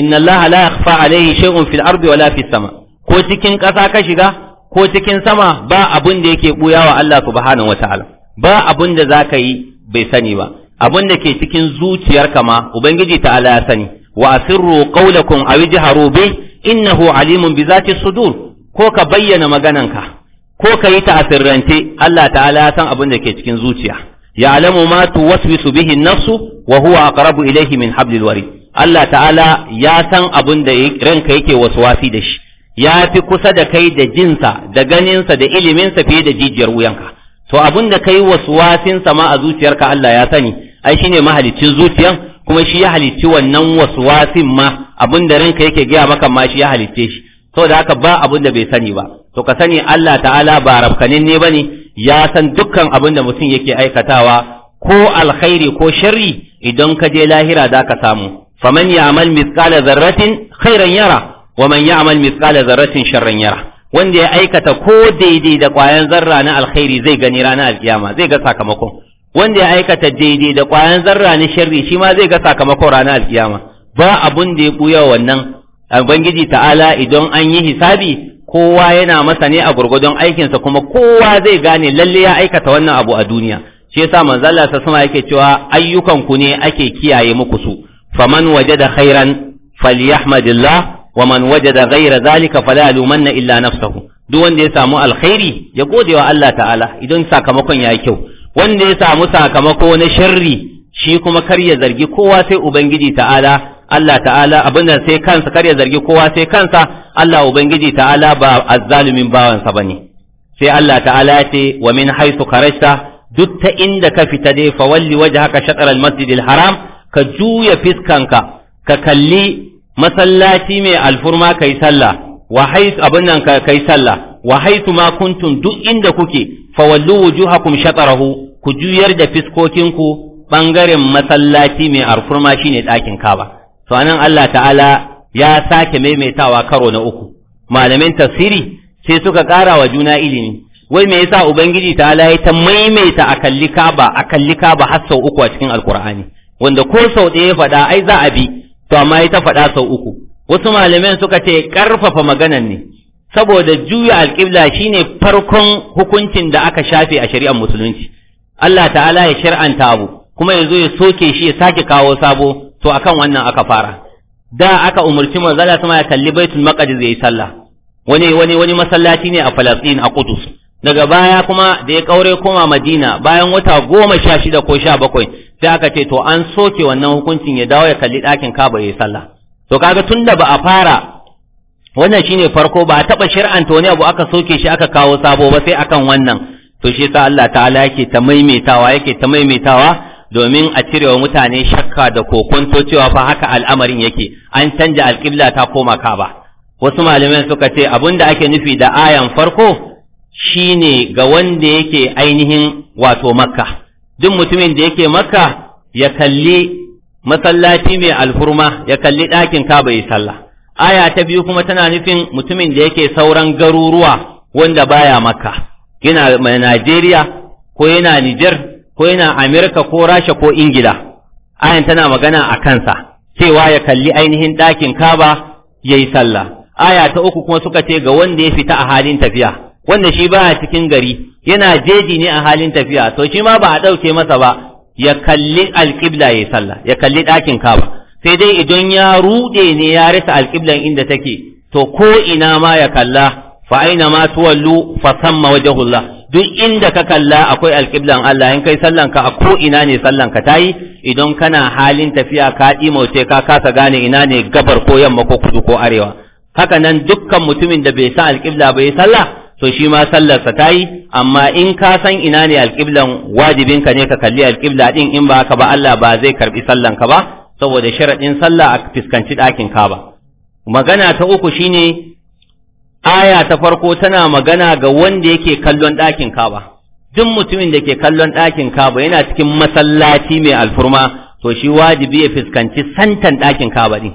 inna Allah la yakhfa alayhi shay'un fil ardi wala fis sama ko cikin ƙasa ka shiga ko cikin sama ba abun da yake buyawa Allah subhanahu wataala ba abun da zaka yi bai sani ba abun da ke cikin zuciyarka ma ubangiji ta'ala ya sani wa asirru qawlakum aw ijharu bih innahu alimun bi zati sudur ko ka bayyana magananka ko ka yi ta a sirrance Allah ta'ala ya san abin da ke cikin zuciya Ya alamu ma tu waswisu bihi nafsu wa huwa aqrabu ilayhi min hablil warid Allah ta'ala ya san abin da ranka yake waswasi da shi ya fi kusa da kai da jinsa da ganinsa da iliminsa fiye da jijiyar wuyanka to abin da kai waswasin ma a zuciyarka Allah ya sani ai shine mahalicin zuciyan kuma shi ya halicci wannan waswasin ma abin da ranka yake gaya maka ma shi ya halicce shi to da haka ba abin da bai sani ba to ka sani Allah ta'ala ba rafkanin ne bane ya san dukkan abin da mutum yake aikatawa ko alkhairi ko sharri idan ka je lahira za ka samu faman ya'mal mithqala dharratin khairan yara wa man ya'mal mithqala dharratin sharran yara wanda ya aikata ko daidai da ƙwayan zarra na alkhairi zai gani ranar alkiyama zai ga sakamakon wanda ya aikata daidai da ƙwayan zarra na sharri shi ma zai ga sakamakon ranar alkiyama ba abun da ya buya wannan ubangiji ta'ala idan an yi hisabi kowa yana masa ne a gurgudun aikinsa kuma kowa zai gane lalle ya aikata wannan abu a duniya shi yasa manzo Allah ta sama yake cewa ayyukan ku ne ake kiyaye muku su faman da khairan falyahmadillah wa man wajada ghayra zalika fala yalumanna illa nafsahu duk wanda ya samu alkhairi ya gode wa Allah ta'ala idan sakamakon ya yi kyau wanda ya samu sakamako na sharri shi kuma kar ya zargi kowa sai ubangiji ta'ala Allah ta'ala abin da sai kansa kar ya zargi kowa sai kansa Allah ubangiji ta'ala ba azzalumin bawansa bane sai Allah ta'ala ya ce wa min haythu kharajta duk ta inda ka fita dai fa walli wajhaka shatr al-masjid al-haram ka juya fiskanka ka kalli masallaci mai alfurma kai sallah wa haythu abin nan ka kai sallah wa haythu ma kuntum duk inda kuke fa wallu wujuhakum shatrahu ku juyar da fiskokinku bangaren masallaci mai alfurma shine ɗakin kaba to anan Allah ta'ala ya sake maimaitawa karo na uku malamin tafsiri sai suka ƙara wa juna ilimi wai me yasa ubangiji ta'ala ya ta maimaita a kalli kaba a kalli har sau uku a cikin alkur'ani wanda ko sau ɗaya ya faɗa ai za a bi to amma ya ta faɗa sau uku wasu malamin suka ce ƙarfafa maganan ne saboda juya alƙibla shine farkon hukuncin da aka shafe a shari'ar musulunci Allah ta'ala ya shar'anta abu kuma yanzu ya soke shi ya sake kawo sabo to akan wannan aka fara da aka umarci manzala sama ya kalli baitul maqdis yayi sallah wani wani wani masallaci ne a Falastin a Qudus daga baya kuma da ya kaure koma Madina bayan wata goma sha shida ko sha bakwai sai aka ce to an soke wannan hukuncin ya dawo ya kalli ɗakin Kaba yayi sallah to kaga tunda ba a fara wannan shine farko ba a taba shir'anta wani abu aka soke shi aka kawo sabo ba sai akan wannan to shi sa Allah ta'ala yake ta maimaitawa yake ta maimaitawa domin a cire wa mutane shakka da kokonto cewa fa haka al'amarin yake an canja alƙibla ta koma ka ba, wasu malamai suka ce da ake nufi da ayan farko shi ne ga wanda yake ainihin wato makka duk mutumin da yake makka ya kalli masallaci mai alfurma ya kalli ɗakin ka yi sallah aya ta biyu kuma tana nufin mutumin da yake sauran garuruwa wanda baya makka yana Najeriya ko yana Nijar ko yana Amerika ko Rasha ko Ingila ayan tana magana a kansa cewa ya kalli ainihin ɗakin Kaba yayi sallah aya ta uku kuma suka ce ga wanda ya fita a halin tafiya wanda shi baya cikin gari yana jeji ne a halin tafiya to shi ma ba a ɗauke masa ba ya kalli alƙibla yi sallah ya kalli ɗakin Kaba sai dai idan ya ruɗe ne ya rasa alƙiblan inda take to ko ina ma ya kalla fa aina ma tuwallu fa samma wajhullah duk inda ka kalla akwai alƙiblan Allah in kai sallanka a ko ina ne sallanka tayi idan kana halin tafiya ka ɗimauce ka kasa gane ina ne gabar ko yamma ko kudu ko arewa haka nan dukkan mutumin da bai san alƙibla bai sallah to shi ma sallarsa tayi amma in ka san ina ne alƙiblan wajibinka ne ka kalli alƙibla ɗin, in ba haka ba Allah ba zai karbi sallanka ba saboda sharaɗin sallah a fuskanci ɗakin ba. magana ta uku shine aya ta farko tana magana ga wanda yake kallon ɗakin kaba duk mutumin da ke kallon ɗakin kaba yana cikin masallaci mai alfurma to shi wajibi ya fuskanci santan ɗakin kaba ɗin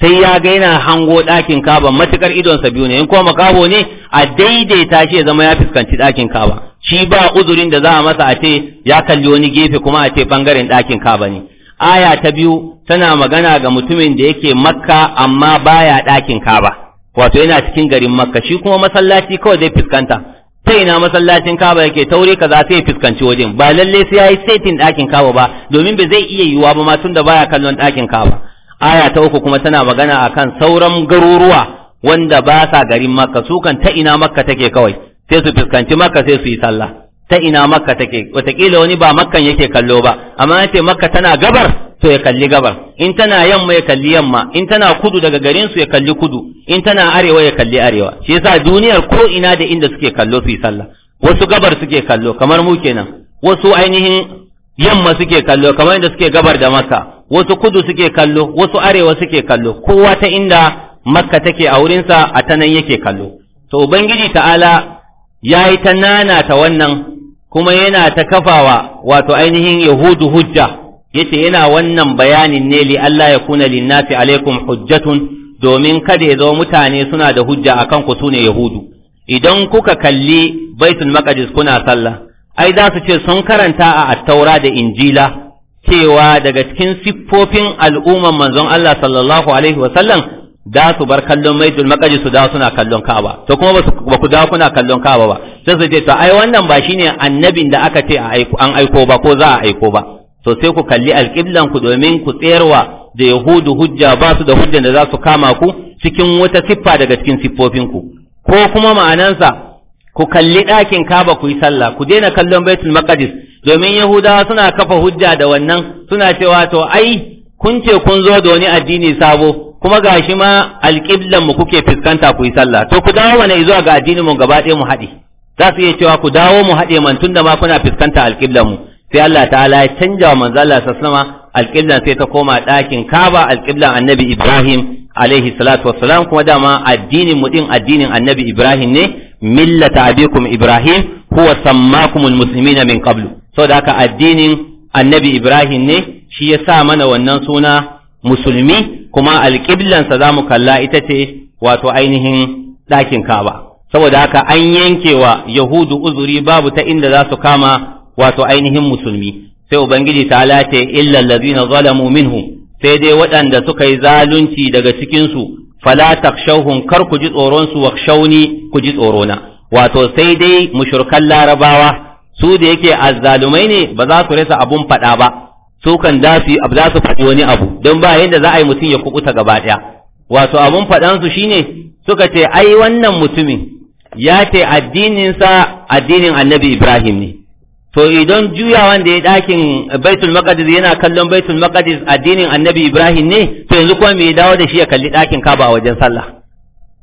sai ya ga yana hango ɗakin kaba matukar idonsa biyu ne in kuma makabo ne a daidaita shi ya zama ya fuskanci ɗakin kaba shi ba uzurin da za a masa a ce ya kalli wani gefe kuma a ce bangaren ɗakin kaba ne aya ta biyu tana magana ga mutumin da yake makka amma baya ɗakin kaba wato yana cikin garin makka shi kuma masallaci kawai zai fuskanta ta ina masallacin kaba yake taure kaza sai ya fuskanci wajen ba lalle sai yayi setin ɗakin kaba ba domin ba zai iya yiwuwa ba ma tunda baya kallon ɗakin kaba aya ta uku kuma tana magana akan sauran garuruwa wanda ba sa garin makka su kan ta ina makka take kawai sai su fuskanci makka sai su yi sallah ta ina makka take watakila wani ba makkan yake kallo ba amma ce makka tana gabar to ya kalli gabar in tana yamma ya kalli yamma in tana kudu daga garin su ya kalli kudu in tana arewa ya kalli arewa shi yasa duniyar ko ina da inda suke kallo su yi sallah wasu gabar suke kallo kamar mu kenan wasu ainihin yamma suke kallo kamar inda suke gabar da makka wasu kudu suke kallo wasu arewa suke kallo kowa ta inda makka take a wurinsa a ta nan yake kallo to ubangiji ta'ala ya yi ta nana ta wannan kuma yana ta kafawa wato ainihin yahudu hujja yace yana wannan bayanin ne li Allah ya kuna linnasi alaikum hujjatun domin kada ya zama mutane suna da hujja akan ku sune yahudu idan kuka kalli baitul maqdis kuna sallah ai za su ce sun karanta a attaura da injila cewa daga cikin siffofin al'umman manzon Allah sallallahu alaihi wasallam da su bar kallon baitul maqdis su da suna kallon Ka'aba to kuma ba ku da kuna kallon Ka'aba ba sai su ce to ai wannan ba shine annabin da aka ce an aiko ba ko za a aiko ba to sai ku kalli alƙiblan ku domin ku tsayarwa da yahudu hujja ba su da hujjan da za su kama ku cikin wata siffa daga cikin siffofin ko kuma ma'anansa ku kalli ɗakin kaba ku yi sallah ku daina kallon baitul maqdis domin yahudawa suna kafa hujja da wannan suna cewa to ai kun ce kun zo da wani addini sabo kuma ga shi ma alƙiblan mu kuke fuskanta ku yi sallah to ku dawo mana zuwa ga addinin mu gaba ɗaya mu haɗe za su iya cewa ku dawo mu haɗe man tunda ma kuna fuskanta alƙiblan mu sai Allah ta'ala ya canja wa manzo Allah sallama alƙiblan sai ta koma ɗakin Kaba alƙiblan Annabi Ibrahim alaihi salatu wassalam kuma dama addinin mu din addinin Annabi Ibrahim ne millata abikum Ibrahim huwa sammakumul muslimina min qablu saboda haka addinin Annabi Ibrahim ne shi ya sa mana wannan suna musulmi kuma alƙiblansa za mu kalla ita ce wato ainihin ɗakin Kaba saboda haka an yanke wa Yahudu uzuri babu ta inda za su kama wato ainihin musulmi sai ubangiji ta lace illa allazina zalamu minhum sai dai waɗanda suka yi zalunci daga cikin su fala takshawhum kar ku ji tsoron su wakshawni ku ji na. wato sai dai mushrikan larabawa su da yake azzalumai ne ba za su rasa abun faɗa ba su kan za za su faɗi wani abu don ba yadda za a yi mutum ya kukuta gaba ɗaya wato abun faɗan su shine suka ce ai wannan mutumin ya ce addininsa addinin annabi ibrahim ne to idan juyawan da ya dakin baitul maqdis yana kallon baitul maqdis addinin annabi ibrahim ne to yanzu kuma me dawo da shi ya kalli dakin kaba a wajen sallah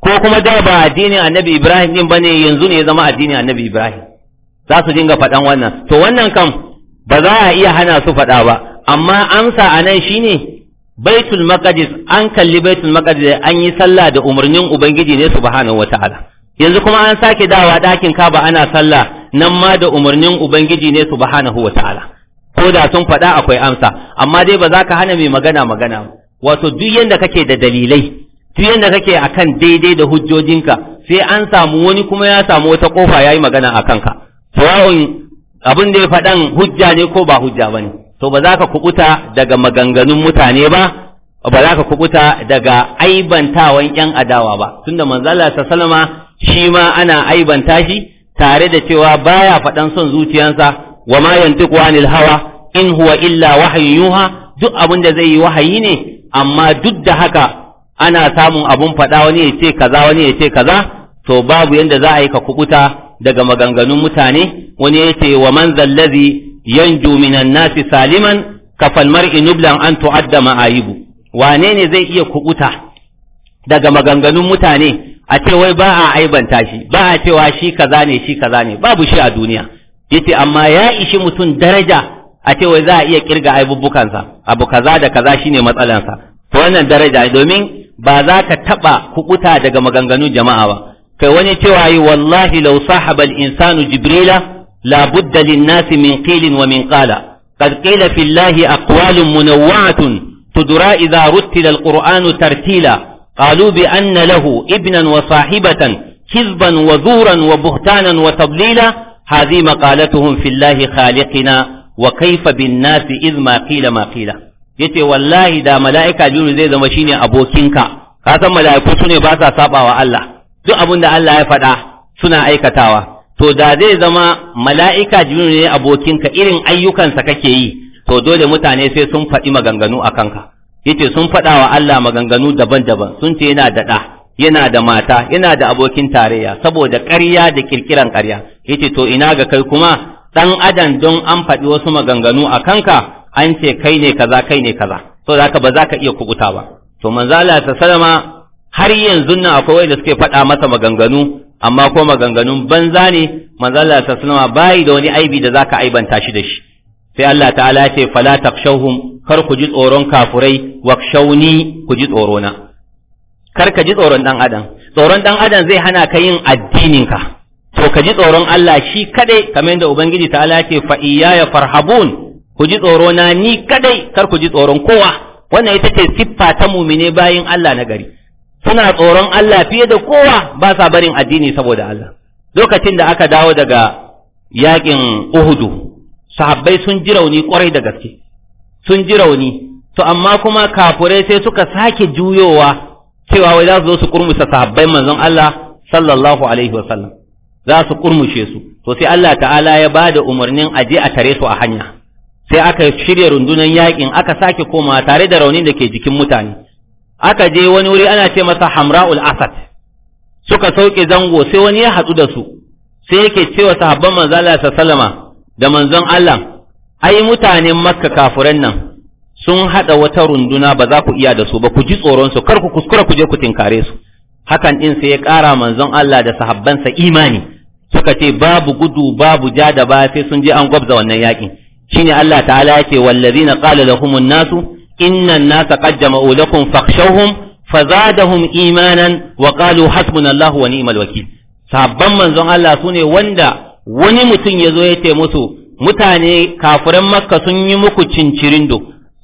ko kuma da ba addinin annabi ibrahim din bane yanzu ne ya zama addinin annabi ibrahim za su dinga faɗan wannan to wannan kam ba za a iya hana su faɗa ba amma amsa a nan shine baitul maqdis an kalli baitul maqdis an yi sallah da umarnin ubangiji ne subhanahu wataala yanzu kuma an sake dawa dakin kaba ana sallah nan ma da umarnin ubangiji ne subhanahu wa ta'ala ko da sun faɗa akwai amsa amma dai ba za ka hana mai magana magana wato duk yanda kake da dalilai duk yanda kake akan daidai da hujjojinka sai an samu wani kuma ya samu wata kofa yayi magana a kanka sawa'un abin da ya faɗan hujja ne ko ba hujja bane to ba za ka kubuta daga maganganun mutane ba ba za ka kubuta daga aibantawan ‘yan adawa ba, tunda manzala ta salama shi ma ana aibanta shi tare da cewa baya faɗan son zuciyansa wa ma yantiqu anil hawa in huwa illa wahyu yuha duk abin da zai yi wahayi ne amma duk da haka ana samun abun faɗa wani ya ce kaza wani ya ce kaza to babu yanda za a yi ka kubuta daga maganganun mutane wani ya wa man zallazi yanju minan nasi saliman kafal mar'i nublan an tu'adda ma'ayibu wane ne zai iya kubuta daga maganganun mutane a ce wai ba a aibanta shi ba a cewa shi kaza ne shi kaza ne babu shi a duniya yace amma ya ishi mutum daraja a ce wai za a iya kirga aibubbukansa abu kaza da kaza shine matsalansa to wannan daraja domin ba za ka taba kukuta daga maganganun jama'a ba kai wani cewa yi wallahi law sahaba al-insanu jibrila la budda lin-nasi min qilin wa min qala qad qila fillahi aqwalun munawwa'atun tudra idha ruttila al-qur'anu tartila قالوا بأن له ابنا وصاحبة كذبا وزورا وبهتانا وتضليلا هذه مقالتهم في الله خالقنا وكيف بالناس إذ ما قيل ما قيل yace wallahi da mala'ika jibril zai zama shine abokinka ka mala'iku su ne ba Allah duk abin da Allah ya faɗa suna aikatawa to da zai zama mala'ika jibril ne abokinka irin ayyukansa kake yi to dole mutane sai sun faɗi maganganu a kanka yace sun faɗa wa Allah maganganu daban-daban sun ce yana da ɗa yana da mata yana da abokin tarayya saboda ƙarya da kirkiran ƙarya yace to ina ga kai kuma ɗan adam don an faɗi wasu maganganu a kanka an ce kai ne kaza kai ne kaza to zaka ba zaka iya kubuta ba to manzo ta salama har yanzu nan akwai wanda suke faɗa masa maganganu amma ko maganganun banza ne manzo ta salama bai da wani aibi da zaka aibanta shi da shi sai Allah ta'ala ce fala takshawhum kar ku ji tsoron kafurai wakshawni ku ji tsorona kar ka ji tsoron dan adam tsoron dan adam zai hana ka yin addininka to ka ji tsoron Allah shi kadai kamar yadda ubangiji ta'ala ce fa iyaya farhabun ku ji tsorona ni kadai kar ku ji tsoron kowa wannan ita ce siffa ta mumine bayin Allah na gari suna tsoron Allah fiye da kowa ba sa barin addini saboda Allah lokacin da aka dawo daga yakin Uhudu sahabbai sun ji rauni kwarai da gaske sun ji rauni to amma kuma kafurai sai suka sake juyowa cewa wai za su zo su kurmusa sahabbai manzon Allah sallallahu alaihi wasallam za su kurmushe su to sai Allah ta'ala ya ba da umarnin a je a tare su a hanya sai aka shirya rundunar yakin aka sake koma tare da raunin da ke jikin mutane aka je wani wuri ana ce masa hamra'ul asad suka sauke zango sai wani ya haɗu da su sai yake cewa sahabban manzon Allah sallallahu alaihi wasallam da manzon Allah ai mutanen makka kafuran nan sun haɗa wata runduna ba za ku iya da su ba ku ji tsoron su kar ku kuskura ku je ku tinkare su hakan din sai ya kara manzon Allah da sahabbansa imani suka ce babu gudu babu ja da ba sai sun je an gwabza wannan yakin shine Allah ta'ala yake wallazina da humun nasu inna nasa qad jama'u lakum fakhshawhum fazadahum imanan wa qalu hasbunallahu wa ni'mal wakil sahabban manzon Allah sune wanda wani mutum ya zo ya ce musu mutane kafiran makka sun yi muku cincirindo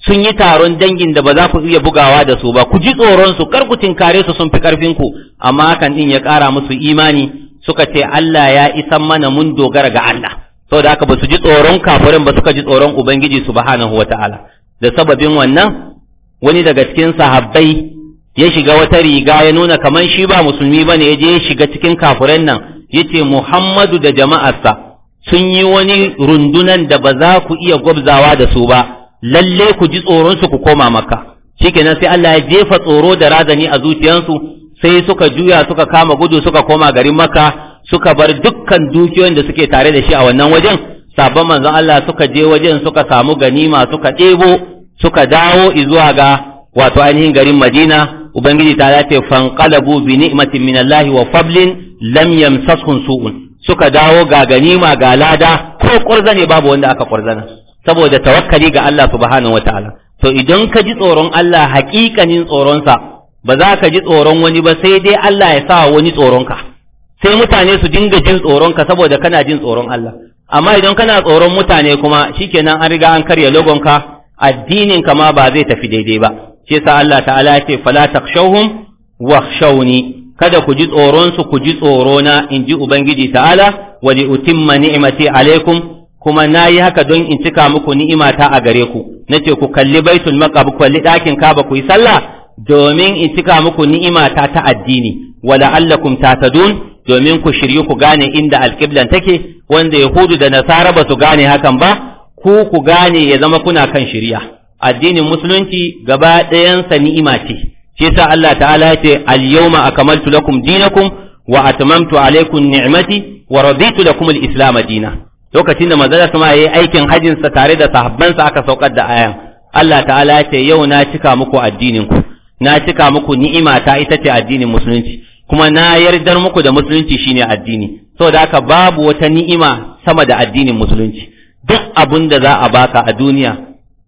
sun yi taron dangin da ba za ku iya bugawa da su ba ku ji tsoron su kar ku tinkare su sun fi karfin ku amma hakan din ya ƙara musu imani suka ce Allah ya isan mana mun dogara ga Allah saboda haka ba su ji tsoron kafirin ba suka ji tsoron ubangiji subhanahu wataala da sababin wannan wani daga cikin sahabbai ya shiga wata riga ya nuna kamar shi ba musulmi bane ya je ya shiga cikin kafiran nan yace Muhammadu da jama'arsa sun yi wani rundunan da ba za ku iya gwabzawa da su ba lalle ku ji tsoron su ku koma maka shikenan sai Allah ya jefa tsoro da razani a zuciyansu sai suka juya suka kama gudu suka koma garin Makka suka bar dukkan dukiyoyin da suke tare da shi a wannan wajen sabon manzon Allah suka je wajen suka samu ganima suka ɗebo suka dawo zuwa ga wato ainihin garin Madina ubangiji ta ce fanqalabu bi ni'matin min Allah wa fablin lam yamsashun su'un suka dawo ga ganima ga lada ko ƙwarzane babu wanda aka ƙwarzana saboda tawakkali ga Allah subhanahu wataala to idan ka ji tsoron Allah haƙiƙanin tsoronsa ba za ka ji tsoron wani ba sai dai Allah ya sa wani tsoronka sai mutane su dinga jin tsoronka saboda kana jin tsoron Allah amma idan kana tsoron mutane kuma shikenan an riga an karya logonka addinin ka ma ba zai tafi daidai ba shi yasa Allah ta'ala ya ce fala takshawhum wakhshawni kada ku ji tsoronsu ku ji tsorona in ji Ubangiji ta'ala, wa li utimma ni'imati alaikum, kuma na yi haka don in cika muku ni'imata a gare ku, na ce ku kalli baitul maka ku kalli ɗakin kaba ku yi sallah domin in cika muku ni'imata ta addini, wa la'allakum tatadun domin ku shiryu ku gane inda alƙiblan take, wanda Yahudu da Nasara ba su gane hakan ba, ku ku gane ya zama kuna kan shirya. Addinin Musulunci gaba ɗayansa ni'ima ce. Kisa Allah ta'ala ya ce al-yawma akmaltu lakum dinakum wa atmamtu alaykum ni'mati wa raditu lakum al-islam dina lokacin da manzon sama yayi aikin hajjin sa tare da sahabbansa aka saukar da ayan Allah ta'ala ya ce yau na cika muku addinin ku na cika muku ni'ima ta ita ce addinin musulunci kuma na yardar muku da musulunci shine addini saboda haka babu wata ni'ima sama da addinin musulunci duk abun da za a baka a duniya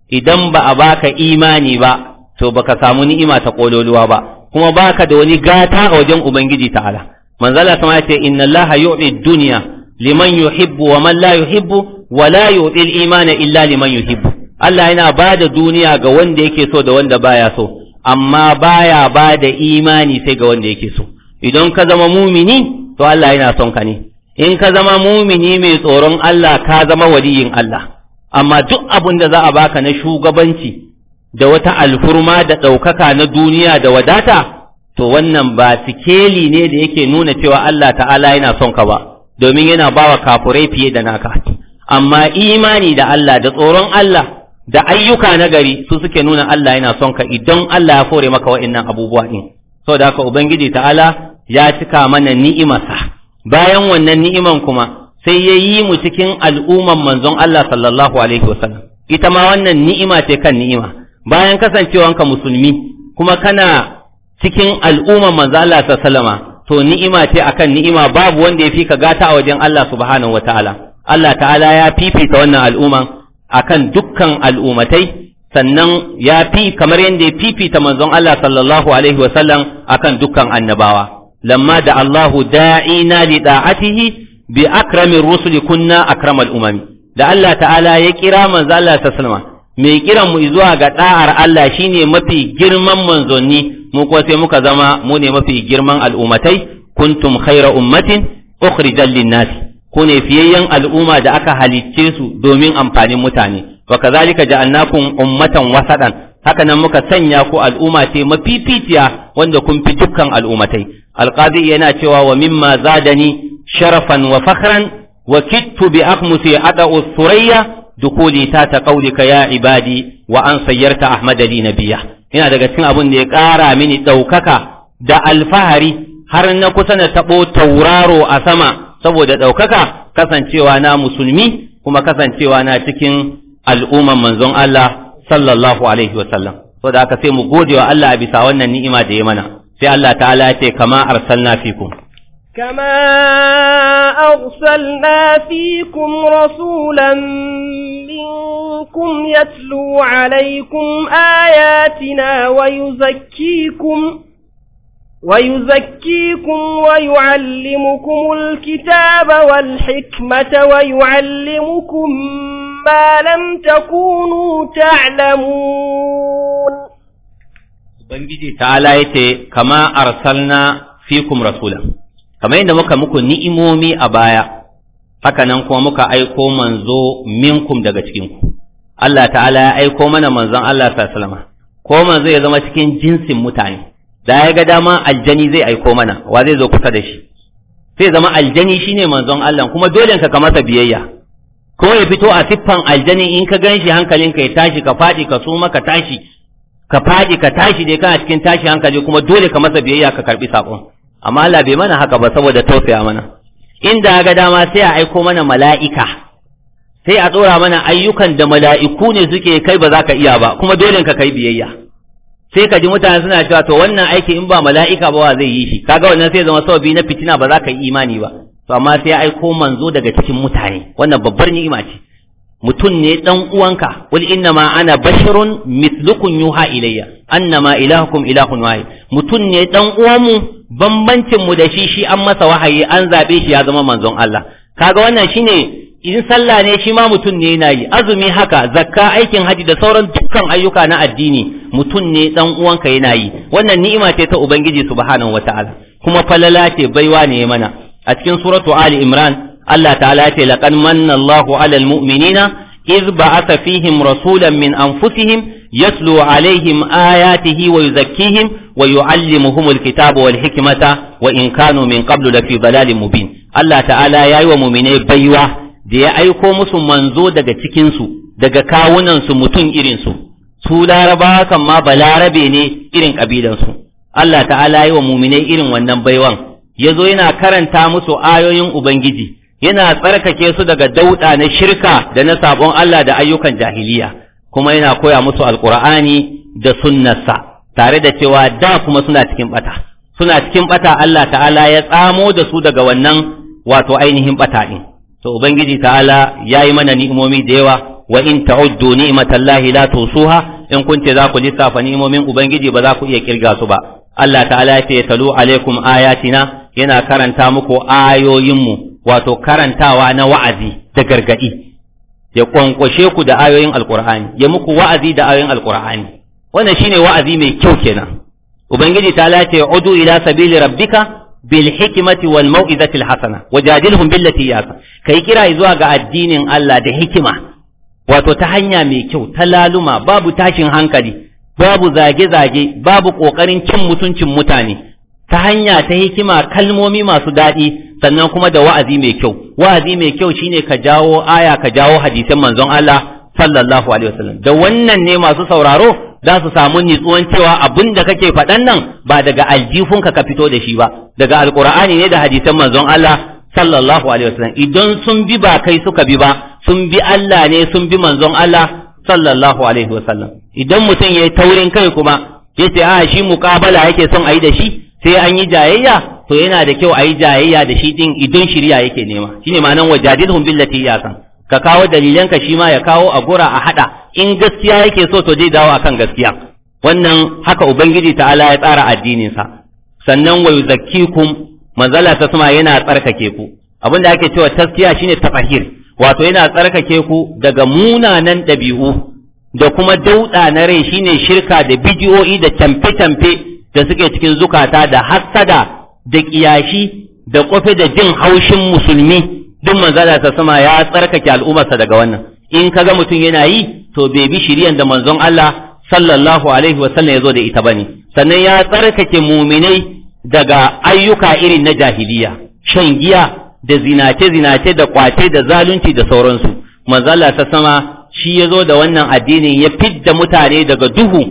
idan ba a baka imani ba to baka samu ni'ima ta kololuwa ba kuma baka da wani gata a wajen ubangiji ta'ala manzala sama yace inna allah yu'ti dunya liman yuhibbu wa man la yuhibbu wa la yu'ti al illa liman yuhibbu Allah yana bada duniya ga wanda yake so da wanda baya so amma baya bada imani sai ga wanda yake so idan ka zama mumini to Allah yana son ka ne in ka zama mumini mai tsoron Allah ka zama waliyin Allah amma duk abin da za a baka na shugabanci da wata alfurma da ɗaukaka na duniya da wadata to wannan ba sikeli ne da yake nuna cewa Allah ta'ala yana son ka ba domin yana bawa kafurai fiye da naka amma imani da Allah da tsoron Allah da ayyuka na gari su suke nuna Allah yana son ka idan Allah ya fore maka wa'innan abubuwa Sau da haka ubangiji ta'ala ya cika mana ni'imarsa bayan wannan ni'iman kuma sai ya yi mu cikin al'umman manzon Allah sallallahu alaihi wasallam ita ma wannan ni'ima ce kan ni'ima bayan kasancewanka musulmi kuma kana cikin al'umman manzo Allah ta salama to ni'ima ce akan ni'ima babu wanda ya fi ka gata a wajen Allah subhanahu wataala Allah ta'ala ya fifita wannan al'umman akan dukkan al'umatai sannan ya fi kamar yadda ya fifita manzon Allah sallallahu alaihi wasallam akan dukkan annabawa lamma da Allahu da'ina li da'atihi bi akramin rusuli kunna akramal umami da Allah ta'ala ya kira manzo Allah mai kiran mu zuwa ga da'ar Allah shine mafi girman manzonni mu kuwa sai muka zama mu ne mafi girman al'ummatai kuntum khaira ummatin ukhrijal linnas ku ne fiyayyen al'umma da aka halicce su domin amfanin mutane wa kazalika ja'alnakum ummatan wasadan haka nan muka sanya ku al'umma ce mafificiya wanda kun fi dukkan al'ummatai alqadi yana cewa wa mimma zadani sharafan wa fakhran wa kittu bi aqmusi ada'u surayya dukuli ta ta qaulika ya ibadi wa an sayyarta ahmad li nabiyya ina daga cikin abun da ya ƙara mini ɗaukaka da alfahari har na kusa na taɓo tauraro a sama saboda ɗaukaka kasancewa na musulmi kuma kasancewa na cikin al'umman manzon Allah sallallahu alaihi wa sallam saboda haka sai mu gode wa Allah a bisa wannan ni'ima da ya mana sai Allah ta'ala ya ce kama arsalna fikum كما أرسلنا فيكم رسولا منكم يتلو عليكم آياتنا ويزكيكم ويزكيكم ويعلمكم الكتاب والحكمة ويعلمكم ما لم تكونوا تعلمون بنجي تعالى كما أرسلنا فيكم رسولا kamar yadda muka muku ni'imomi a baya haka nan kuma muka aiko manzo minkum daga cikinku Allah ta'ala ya aiko mana manzon Allah sallallahu ko manzo ya zama cikin jinsin mutane da ya ga dama aljani zai aiko mana wa zai zo kusa da shi sai zama aljani shine manzon Allah kuma dole ka masa biyayya kuma ya fito a siffan aljani in ka ganshi hankalinka ya tashi ka faɗi ka suma ka tashi ka faɗi ka tashi dai kana cikin tashi hankali kuma dole ka masa biyayya ka karɓi sakon amma Allah bai mana haka ba saboda tausaya mana inda ga dama sai a aiko mana mala'ika sai a tsora mana ayyukan da mala'iku ne suke kai ba za ka iya ba kuma dole ka kai biyayya sai ka ji mutane suna cewa to wannan aiki in ba mala'ika ba wa zai yi shi kaga wannan sai zama sababi na fitina ba za ka yi imani ba to amma sai a aiko manzo daga cikin mutane wannan babbar ni'ima ce mutum ne dan uwanka wal inna ma ana basharun mithlukum yuha ilayya annama ilahukum ilahun wahid mutum ne dan uwanmu bambancin mu da shi shi an masa wahayi an zabe shi ya zama manzon Allah kaga wannan shine in sallah ne shi ma mutum ne yana yi azumi haka zakka aikin haji da sauran dukkan ayyuka na addini mutum ne dan uwanka yana yi wannan ni'ima ce ta ubangiji subhanahu wataala kuma falala ce baiwa ne mana a cikin suratu ali imran Allah ta'ala ce laqad manna Allahu 'alal mu'minina iz ba'atha fihim rasulan min anfusihim yatlu 'alaihim ayatihi wa yuzakkihim wa yu'allimuhumul kitaba wal hikmata wa in kanu min qablu lafi dalalin mubin Allah ta'ala yayi wa mu'minai baiwa da ya aiko musu manzo daga cikinsu, daga kawunansu mutum irinsu, su su laraba kan ma balarabe ne irin kabilan Allah ta'ala yayi wa mu'minai irin wannan baiwan yazo yana karanta musu ayoyin ubangiji yana tsarkake su daga dauɗa na shirka da na sabon Allah da ayyukan jahiliya kuma yana koya musu alqur'ani da sunnarsa tare da cewa da kuma suna cikin bata suna cikin bata Allah ta'ala ya tsamo da su daga wannan wato ainihin bata din to ubangiji ta'ala yayi mana ni'imomi da yawa wa in ta'uddu ni'matallahi la tusuha in kunce za ku lissafa ni'imomin ubangiji ba za ku iya kirga su ba Allah ta'ala ya ce talu alaikum ayatina yana karanta muku ayoyinmu wato karantawa na wa'azi da gargaɗi ya ƙwanƙwashe ku da ayoyin Alƙur'ani, ya muku wa'azi da ayoyin Alƙur'ani. wannan shi ne wa'azi mai kyau kenan ubangiji ta lace udu ila sabili rabbika bil hikmati wal mau'izati al hasana wajadilhum billati yasa kai kira zuwa ga addinin Allah da hikima wato ta hanya mai kyau ta laluma babu tashin hankali babu zage-zage babu ƙoƙarin cin mutuncin mutane ta hanya ta hikima kalmomi masu daɗi sannan kuma da wa'azi mai kyau wa'azi mai kyau shine ka jawo aya ka jawo hadisan manzon Allah sallallahu alaihi wasallam da wannan ne masu sauraro za su samu nitsuwan cewa abin da kake faɗan nan ba daga aljifunka ka fito da shi ba daga alkur'ani ne da hadisan manzon Allah sallallahu alaihi wasallam idan sun bi ba kai suka bi ba sun bi Allah ne sun bi manzon Allah sallallahu alaihi wasallam idan mutum yayi taurin kai kuma yace a shi muqabala yake son ayi da shi sai an yi jayayya to yana da kyau a yi jayayya da shi din idan shirya yake nema shine ma'anan wajadilhum billati yasan ka kawo dalilanka shi ma ya kawo a gura a hada in gaskiya yake so to zai dawo akan gaskiya wannan haka ubangiji ta'ala ya tsara addinin sa sannan wa yuzakkikum manzala ta suma yana tsarkake ku abinda ake cewa taskiya shine tafahir wato yana tsarkake ku daga munanan dabi'u da kuma dauda na rai shine shirka da bidiyoyi da tamfe-tamfe da suke cikin zukata da hassada da kiyashi da kofi da jin haushin musulmi duk manzala ta sama ya tsarkake al'ummarsa daga wannan in kaga mutum yana yi to bai bi shiriyan da manzon Allah sallallahu alaihi wa sallam yazo da ita bane sannan ya tsarkake muminai daga ayyuka irin na jahiliya shan giya da zinace zinace da kwace da zalunci da sauransu manzala ta sama shi yazo da wannan addinin ya fidda mutane daga duhu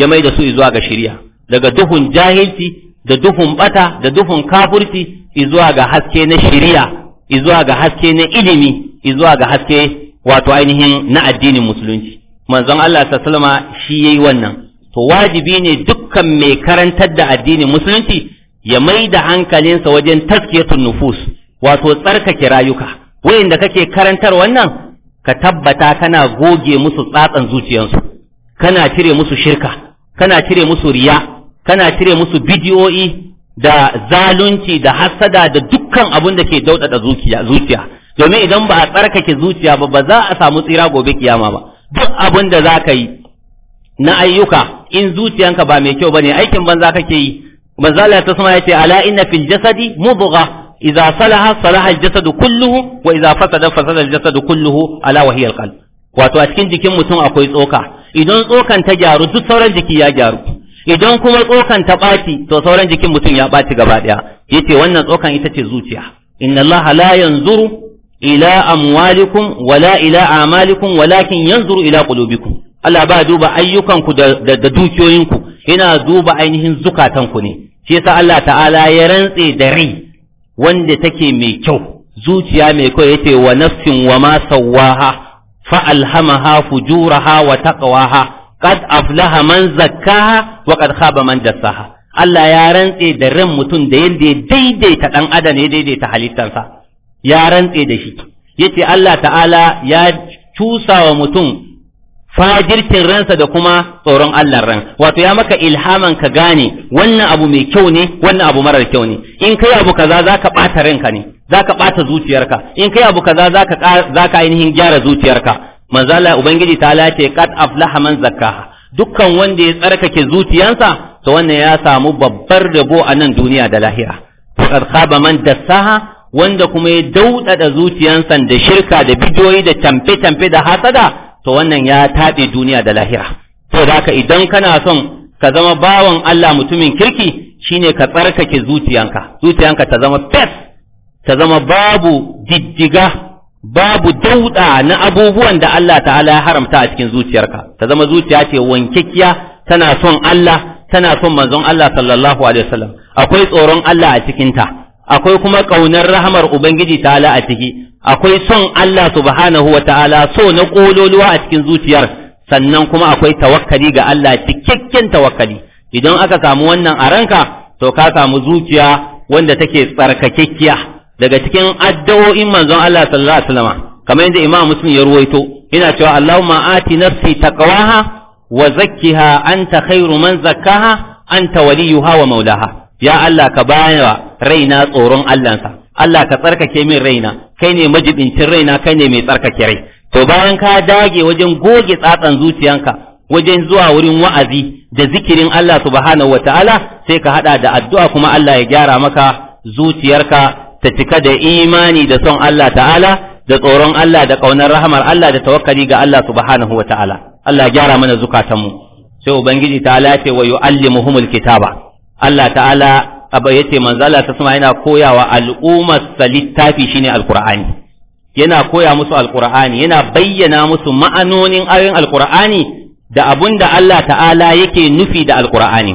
ya mai da su zuwa ga shiriya daga duhun jahilci da duhun bata da duhun kafurci izuwa ga haske na shiriya izuwa ga haske na ilimi izuwa ga haske wato ainihin na addinin musulunci manzon Allah sallama shi yayi wannan to wajibi ne dukkan mai karantar da addinin musulunci ya mai da hankalinsa wajen tazkiyatun nufus wato tsarkake rayuka wayanda kake karantar wannan ka tabbata kana goge musu tsatsan zuciyarsu kana cire musu shirka kana cire musu riya kana cire musu bidiyoyi da zalunci da hasada da dukkan abin da ke daudada zuciya zuciya domin idan ba a tsarkake zuciya ba ba za a samu tsira gobe kiyama ba duk abin da za ka yi na ayyuka in zuciyanka ba mai kyau ba ne. aikin banza kake yi manzala ta sama yace ala inna fil jasadi mudgha idza salaha salaha al jasadu kulluhu wa idza fasada fasada al jasadu kulluhu ala wa hiya al qalb wato a cikin jikin mutum akwai tsoka idan tsokan ta gyaru duk sauran jiki ya gyaru idan kuma tsokan ta ɓaci to sauran jikin mutum ya ɓaci gaba ɗaya yace wannan tsokan ita ce zuciya inna allaha la yanzuru ila amwalikum wala ila amalikum walakin yanzuru ila qulubikum Allah ba duba ayyukanku da, da, dukiyoyinku yana duba ainihin zukatanku ne shi yasa Allah ta'ala ya rantse da rai wanda take mai kyau zuciya mai kyau yace wa nafsin wa ma sawaha fa alhamaha fujuraha wa taqwaha qad aflaha man zakkaha wa qad khaba man Allah ya rantse da ran mutum da yadda ya daidaita ɗan adam ya daidaita halittarsa ya rantse da shi yace Allah ta'ala ya cusa wa mutum fajircin ransa da kuma tsoron Allah ran wato ya maka ilhaman ka gane wannan abu mai kyau ne wannan abu marar kyau ne in kai abu kaza ka ɓata ranka ne ka ɓata zuciyarka in kai abu kaza za zaka ainihin gyara zuciyarka Manzala ubangiji ta lace kad aflaha man zakkaha dukkan wanda ya tsarkake zuciyansa to wannan ya samu babbar rabo a nan duniya da lahira kad khaba man dassaha wanda kuma ya daudada zuciyansa da shirka da bidiyoyi da tamfe tamfe da hasada to wannan ya tabe duniya da lahira to da haka idan kana son ka zama bawan Allah mutumin kirki shine ka tsarkake zuciyanka zuciyanka ta zama fes ta zama babu diddiga babu dauda na abubuwan da Allah ta'ala ya haramta a cikin zuciyarka ta zama zuciya ce wankekkiya tana son Allah tana son manzon Allah sallallahu alaihi wasallam akwai tsoron Allah a cikin ta akwai kuma kaunar rahamar ubangiji ta'ala a ciki akwai son Allah subhanahu wa ta'ala so na kololuwa a cikin zuciyar sannan kuma akwai tawakkali ga Allah cikakken tawakkali idan aka samu wannan a ranka to ka samu zuciya wanda take tsarkakekkiya daga cikin addu'o'in manzon Allah sallallahu alaihi wasallam kamar yadda Imam Muslim ya ruwaito ina cewa Allahumma ati nafsi taqwaha wa zakkiha anta khairu man zakkaha anta waliyuha wa maulaha ya Allah ka baya raina tsoron Allahnsa Allah ka tsarkake min raina kai ne majibincin raina kai ne mai tsarkake rai to bayan ka dage wajen goge tsatsan zuciyanka wajen zuwa wurin wa'azi da zikirin Allah subhanahu wataala sai ka hada da addu'a kuma Allah ya gyara maka zuciyarka ta cika da imani da son Allah ta'ala da tsoron Allah da ƙaunar rahamar Allah da tawakkali ga Allah subhanahu wa ta'ala Allah gyara mana zukatanmu sai ubangiji ta ce wa yu'allimuhumul kitaba Allah ta'ala abba yace manzo Allah ta yana koyawa al'ummar sa littafi shine alqur'ani yana koya musu alqur'ani yana bayyana musu ma'anonin ayoyin alqur'ani da da Allah ta'ala yake nufi da alqur'ani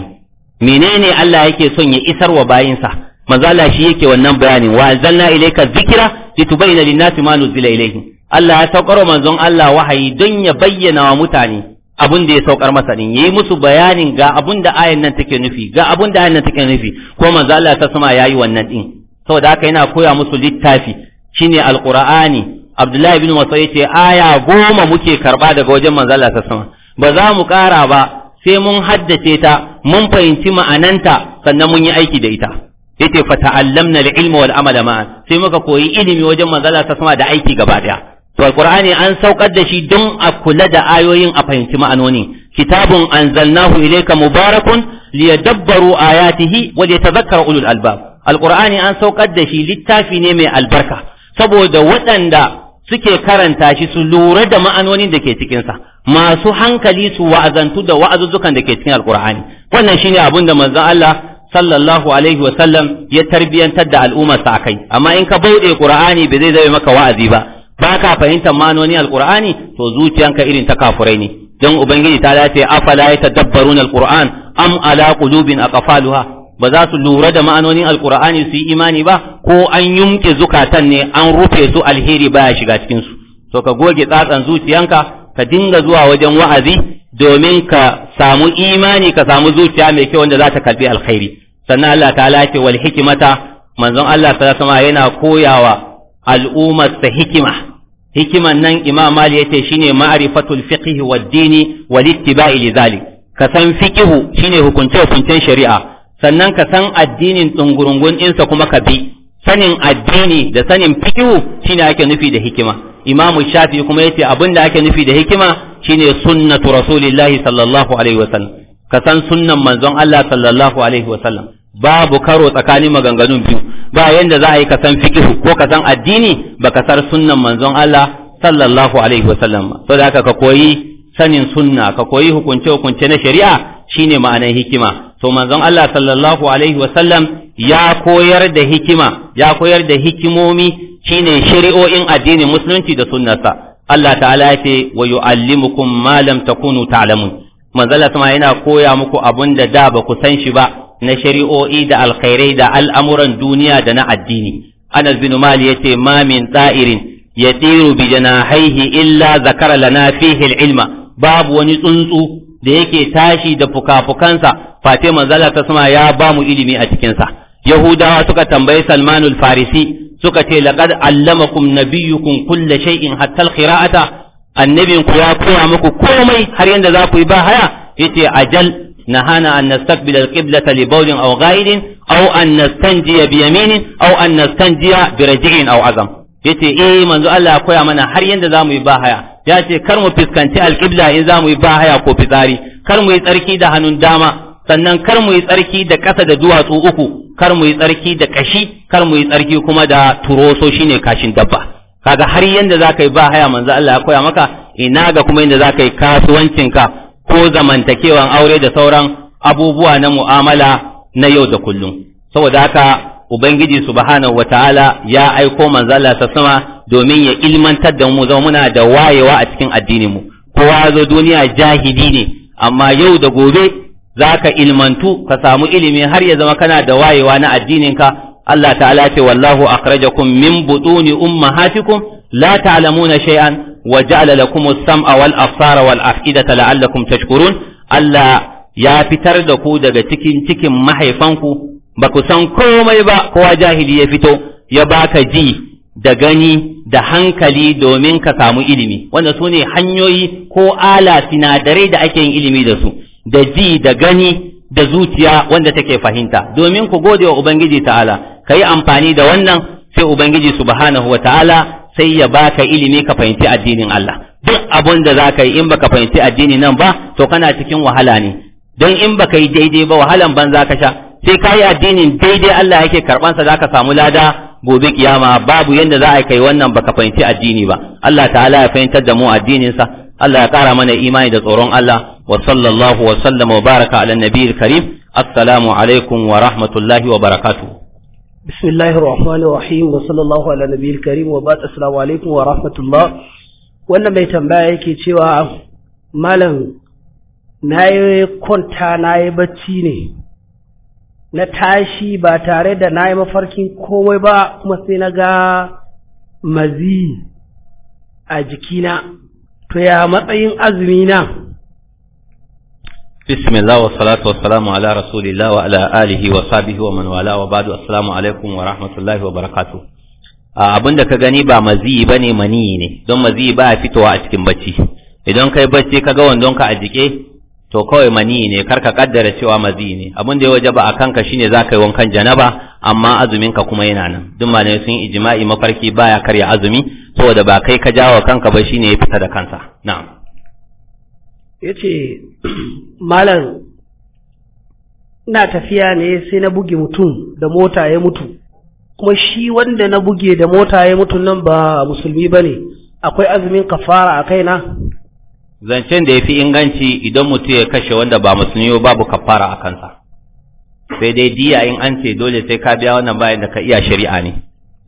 menene Allah yake son ya isar wa bayinsa Manzala shi yake wannan bayanin wa anzalna ilayka dhikra litubayyana lin-nasi ma nuzila ilayhim Allah ya saukar manzon Allah wahayi don ya bayyana wa mutane abun da ya saukar masa din yayi musu bayanin ga abun da ayan nan take nufi ga abun da ayan nan take nufi ko manzo Allah ta sama yayi wannan din saboda haka yana koya musu littafi shine alqur'ani Abdullahi bin Mas'ud yace aya goma muke karba daga wajen manzo Allah ta sama ba za mu kara ba sai mun haddace ta mun fahimci ma'ananta sannan mun yi aiki da ita yace fa ta'allamna al-ilma wal amala ma sai muka koyi ilimi wajen manzala ta sama da aiki gaba daya to alqur'ani an saukar da shi don a kula da ayoyin a fahimci ma'anoni kitabun anzalnahu ilayka mubarakun liyadabbaru ayatihi wa liyatadhakkara ulul albab alqur'ani an saukar da shi littafi ne mai albarka saboda waɗanda suke karanta shi su lura da ma'anonin da ke cikin sa masu hankali su wa'azantu da wa'azuzzukan da ke cikin alqur'ani wannan shine abin da manzon Allah sallallahu alaihi wa sallam ya tarbiyantar da al'ummarsa kai amma in ka bude qur'ani bai zai zama maka wa'azi ba ba ka fahimtar manoni alqur'ani to zuciyanka irin ta kafurai ne don ubangiji ta dace afala yatadabbaruna alqur'an am ala qulubin aqfaluha ba za su lura da ma'anonin alkur'ani su yi imani ba ko an yumke zukatan ne an rufe su alheri baya shiga cikin su to ka goge tsatsan zuciyanka ka dinga zuwa wajen wa'azi domin ka samu imani ka samu zuciya mai kyau wanda za ta kalbi alkhairi sannan Allah ta lace wal hikimata manzon Allah ta alaihi yana koyawa al'ummar ta hikima hikiman nan Imam Mali yace shine ma'rifatul fiqh wa dini wal ittiba'i lidhalik ka san fiqhu shine hukunce hukuncen shari'a sannan ka san addinin tsungurungun insa kuma ka bi sanin addini da sanin fiqhu shine ake nufi da hikima Imam Shafi kuma yace da ake nufi da hikima shine sunnatu rasulillahi sallallahu alaihi wasallam ka san sunnan manzon Allah sallallahu alaihi wasallam babu karo tsakanin maganganun biyu ba yanda za a yi ka san fiqh ko ka san addini ba ka san sunnan manzon Allah sallallahu alaihi wasallam So da haka ka koyi sanin sunna ka koyi hukunce hukunce na shari'a shine ma'anar hikima to manzon Allah sallallahu alaihi wasallam ya koyar da hikima ya koyar da hikimomi shine shari'o'in addinin musulunci da sunnarsa Allah ta'ala ya ce wa yu'allimukum ma lam takunu ta'lamun manzon Allah yana koya muku abun da da ba ku san shi ba na shari'o'i da alkhairai da al'amuran duniya da na addini anas bin ya yace ma min ya yatiru bi haihi illa zakara lana fihi ilma babu wani tsuntsu da yake tashi da fukafukansa fate manzala ta sama ya ba mu ilimi a cikinsa yahudawa suka tambayi salmanul farisi suka ce laqad allamakum nabiyyukum kulla shay'in hatta al-qira'ata annabinku ya koya muku komai har yanda za ku yi ba haya yace ajal نهانا أن نستقبل القبلة لبول أو غائل أو أن نستنجي بيمين أو أن نستنجي برجعين أو عظم yace eh manzo Allah ya koya mana har yanda zamu yi bahaya ya ce kar mu fuskanci alqibla in zamu yi bahaya ko fitsari kar mu yi tsarki da hannun dama sannan kar mu yi tsarki da kasa da duwatsu uku kar mu yi tsarki da kashi kar mu yi tsarki kuma da turoso shine kashin dabba kaga har yanda zaka yi bahaya manzo Allah ya koya maka ina ga kuma yanda zaka yi kasuwancinka ko zamantakewan aure da sauran abubuwa na mu'amala na yau da kullum saboda haka ubangiji subhanahu wataala ya aiko manzala ta sama domin ya ilmantar da mu zama muna da wayewa a cikin addinin mu kowa zo duniya jahidi ne amma yau da gobe zaka ilmantu ka samu ilimi har ya zama kana da wayewa na addininka Allah ta'ala ce wallahu akhrajakum min butuni ummahatikum la ta'lamuna shay'an wa ja'ala lakum as-sam'a wal absara wal af'idata la'allakum tashkurun Allah ya fitar da ku daga cikin cikin mahaifanku ba ku san komai ba kowa jahili ya fito ya baka ji da gani da hankali domin ka samu ilimi wanda sune hanyoyi ko ala sinadarai da ake yin ilimi da su da ji da gani da zuciya wanda take fahimta domin ku gode wa ubangiji ta'ala ka yi amfani da wannan sai ubangiji subhanahu wa ta'ala sai ya baka ilimi ka fahimci addinin Allah duk abun da zaka yi in baka fahimci addini nan ba to kana cikin wahala ne don in baka yi daidai ba wahalan ban zaka sha sai ka yi addinin daidai Allah yake karban sa zaka samu lada gobe kiyama babu yanda za a kai wannan baka fahimci addini ba Allah ta'ala ya fahimtar da mu addinin sa Allah ya kara mana imani da tsoron Allah wa sallallahu wa sallama wa baraka ala nabiyil karim assalamu alaikum wa rahmatullahi wa barakatuh بسم الله الرحمن الرحيم وصلى الله على نبي الكريم وبعد السلام عليكم ورحمة الله wannan mai tambaya yake cewa malam na yi kwanta na yi bacci ne na tashi ba tare da na yi mafarkin komai ba kuma sai na ga mazi a jikina to ya matsayin na? بسم الله والصلاة والسلام على رسول الله وعلى آله وصحبه ومن والاه وبعد السلام عليكم ورحمة الله وبركاته abin da ka gani ba maziyi ba ne ne don maziyi ba a fitowa a cikin bacci idan kai bacci ka ga wandonka a jike to kawai maniyi ne kar ka kaddara cewa maziyi ne abin da ya waje ba a kanka shine za ka yi wankan janaba amma azumin ka kuma yana nan duk ma ne sun ijma'i mafarki baya karya azumi saboda ba kai ka jawo kanka ba shine ya fita da kansa na'am ya ce malam ina tafiya ne sai na buge mutum da mota ya mutu kuma shi wanda na buge da mota ya mutu nan ba musulmi ba ne akwai azumin kafara a kaina zancen da ya fi inganci idan mutum ya kashe wanda ba musulmi babu kafara a kansa sai dai diya in an ce dole sai ka biya wannan bayan da ka iya shari'a ne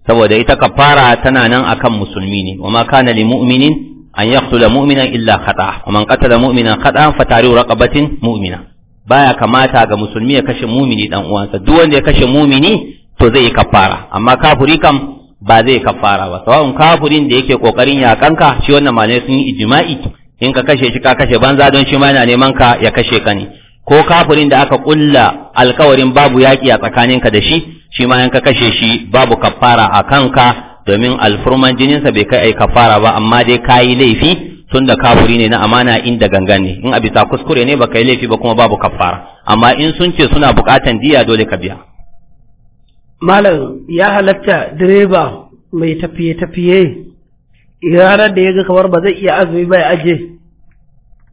saboda ita kafara tana nan akan musulmi ne wa ma kana lil mu'minin an yaqtula mu'minan illa khata wa man qatala mu'minan khata fa tarihu raqabatin mu'mina baya kamata ga musulmi ya kashe mumini dan uwansa duk wanda ya kashe mumini to zai yi kafara amma kafuri kam ba zai kafara ba sawa'un kafurin da yake kokarin yakanka shi wannan ne sun yi ijma'i in ka kashe shi ka kashe banza don shi ma yana neman ka ya kashe ka ne ko kafurin da aka kulla alkawarin babu yaƙi a tsakaninka da shi shi ma in ka kashe shi babu kafara a kanka domin alfurman jininsa bai kai aika kafara ba amma dai ka yi laifi tun da kafuri ne na amana inda gangan ne in a bisa kuskure ne baka yi laifi ba kuma babu kafara amma in sun ce suna bukatan diya dole ka biya malam ya halatta direba mai tafiye-tafiye ranar da ya ga kamar ba zai iya azumi ba ya aje.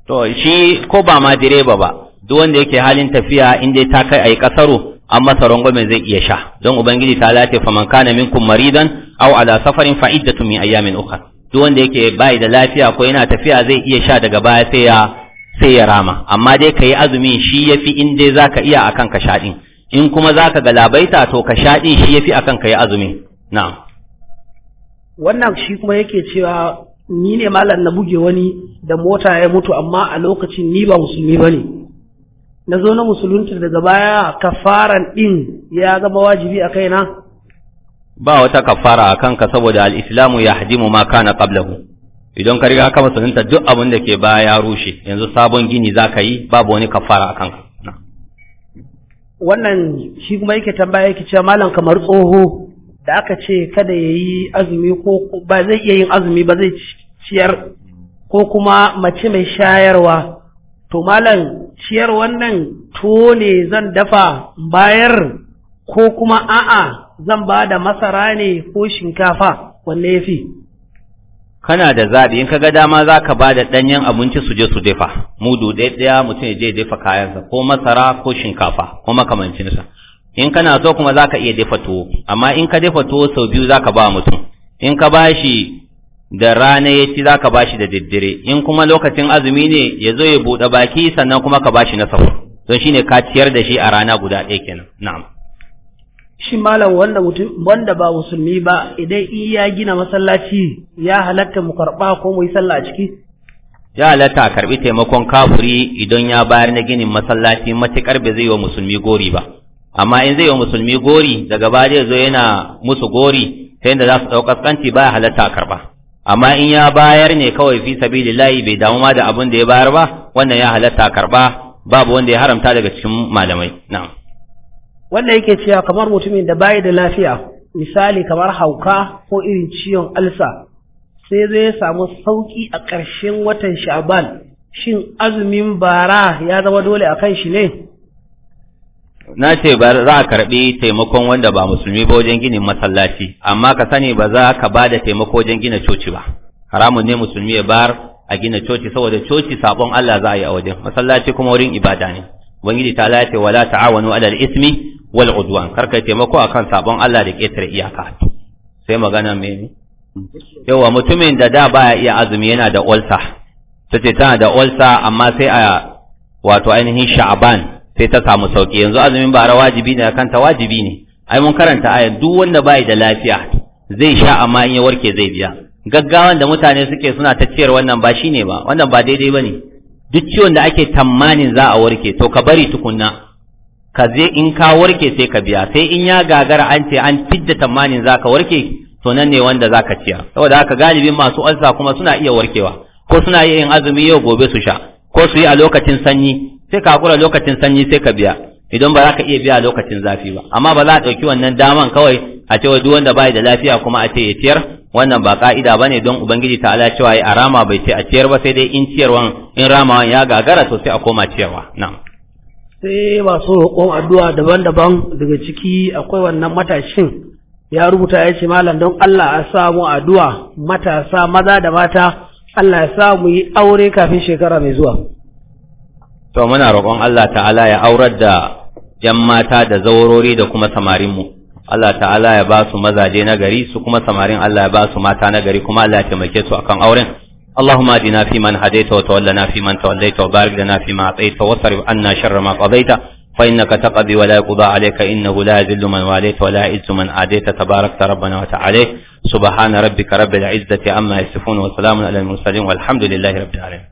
To, shi ko ba ma direba ba, duk wanda yake halin tafiya in dai ta kai a yi kasaro, an masa rangwamen zai iya sha don ubangiji ta lace fa man kana minkum maridan aw ala safarin fa iddatu min ayamin ukhra duk wanda yake bai da lafiya ko yana tafiya zai iya sha daga baya sai ya sai ya rama amma dai kai azumi shi yafi in dai zaka iya akan ka sha in kuma zaka ga labaita to ka sha shi yafi akan kai azumi na'am wannan shi kuma yake cewa ni ne malam na buge wani da mota ya mutu amma a lokacin ni ba musulmi bane na zo na musulunci daga baya kafaran din ya zama wajibi a kaina ba wata kafara a kanka saboda al'islamu ya hajimu ma na qablahu idan ka riga ka musulunta duk abin da ke baya ya rushe yanzu sabon gini za ka yi babu wani kafara a kanka wannan shi kuma yake tambaya yake cewa malam kamar tsoho da aka ce kada ya yi azumi ko ba zai iya yin azumi ba zai ciyar ko kuma mace mai shayarwa to malam ciyar wannan to ne zan dafa bayar ko kuma a'a zan ba da masara ne ko shinkafa wanne ya kana da zaɓi in ka ga dama za ka ba da ɗanyen abinci su je su dafa mudu ɗaya mutum ya je dafa kayansa ko masara ko shinkafa ko makamancinsa in kana so kuma za ka iya dafa tuwo amma in ka dafa tuwo sau biyu za ka ba mutum in ka ba shi da rana ya ci za ka ba shi da diddire, in kuma lokacin azumi ne ya zo ya buɗe baki sannan kuma ka ba shi na sahur don shine ka ciyar da shi a rana guda ɗaya kenan na'am shi malam wanda mutum wanda ba musulmi ba idan in ya gina masallaci ya halatta mu karɓa ko mu yi sallah a ciki ya halatta a karɓi taimakon kafuri idan ya bayar na ginin masallaci matuƙar ba zai wa musulmi gori ba amma in zai wa musulmi gori daga baya zai zo yana musu gori ta yadda za su ɗau kaskanci ba ya halatta a karɓa amma in ya bayar ne kawai fi sabilillahi bai damu ma da abin da ya bayar ba wannan ya halatta karba babu wanda ya haramta daga cikin malamai na'am wanda yake cewa kamar mutumin da bai da lafiya misali kamar hauka ko irin ciwon alsa sai zai samu sauki a ƙarshen watan sha'ban shin azumin bara ya zama dole a kan shi ne na ce ba za a karbi taimakon wanda ba musulmi ba wajen ginin masallaci amma ka sani ba za ka ba da taimako wajen gina coci ba haramun ne musulmi ya bar a gina coci saboda coci sabon Allah za a yi a wajen masallaci kuma wurin ibada ne ubangiji ta lace wala ta'awanu alal ismi wal udwan kar kai taimako akan sabon Allah da ketare iyaka sai magana me ne? yawa mutumin da da baya iya azumi yana da ulsa tace tana da ulsa amma sai a wato ainihin sha'ban sai ta samu sauki yanzu azumin bara wajibi ne akan ta wajibi ne ai mun karanta ayat duk wanda bai da lafiya zai sha amma in ya warke zai biya gaggawan da mutane suke suna ta ciyar wannan ba shine ba wannan ba daidai bane duk ciwon da ake tamanin za a warke to ka bari tukunna ka je in ka warke sai ka biya sai in ya gagara an ce an fidda tamanin za ka warke to nan ne wanda za ka ciya saboda haka galibin masu ansa kuma suna iya warkewa ko suna iya yin azumi yau gobe su sha ko su yi a lokacin sanyi sai ka hakura lokacin sanyi sai ka biya idan ba za ka iya biya lokacin zafi ba amma ba za a ɗauki wannan daman kawai a ce wa duk wanda bai da lafiya kuma a ce ya ciyar wannan ba ka'ida ba ne don ubangiji ta ala cewa a arama bai ce a ciyar ba sai dai in ciyarwa in ramawan ya gagara sosai sai a koma ciyarwa na. sai masu roƙon addu'a daban-daban daga ciki akwai wannan matashin ya rubuta ya ce malam don Allah a samu addu'a matasa maza da mata Allah ya samu yi aure kafin shekara mai zuwa to muna roƙon Allah ta'ala ya aurar da yan mata da zaurori da kuma samarinmu Allah ta'ala ya ba su mazaje na gari su kuma samarin Allah ya ba su mata na gari kuma Allah ya taimake su akan auren اللهم اهدنا فيمن هديت وتولنا فيمن توليت وبارك لنا فيما اعطيت واصرف عنا شر ما قضيت فانك تقضي ولا يقضى عليك انه لا يذل من واليت ولا يعز من عاديت تباركت ربنا وتعالى سبحان ربك رب العزه عما يصفون وسلام على المرسلين والحمد لله رب العالمين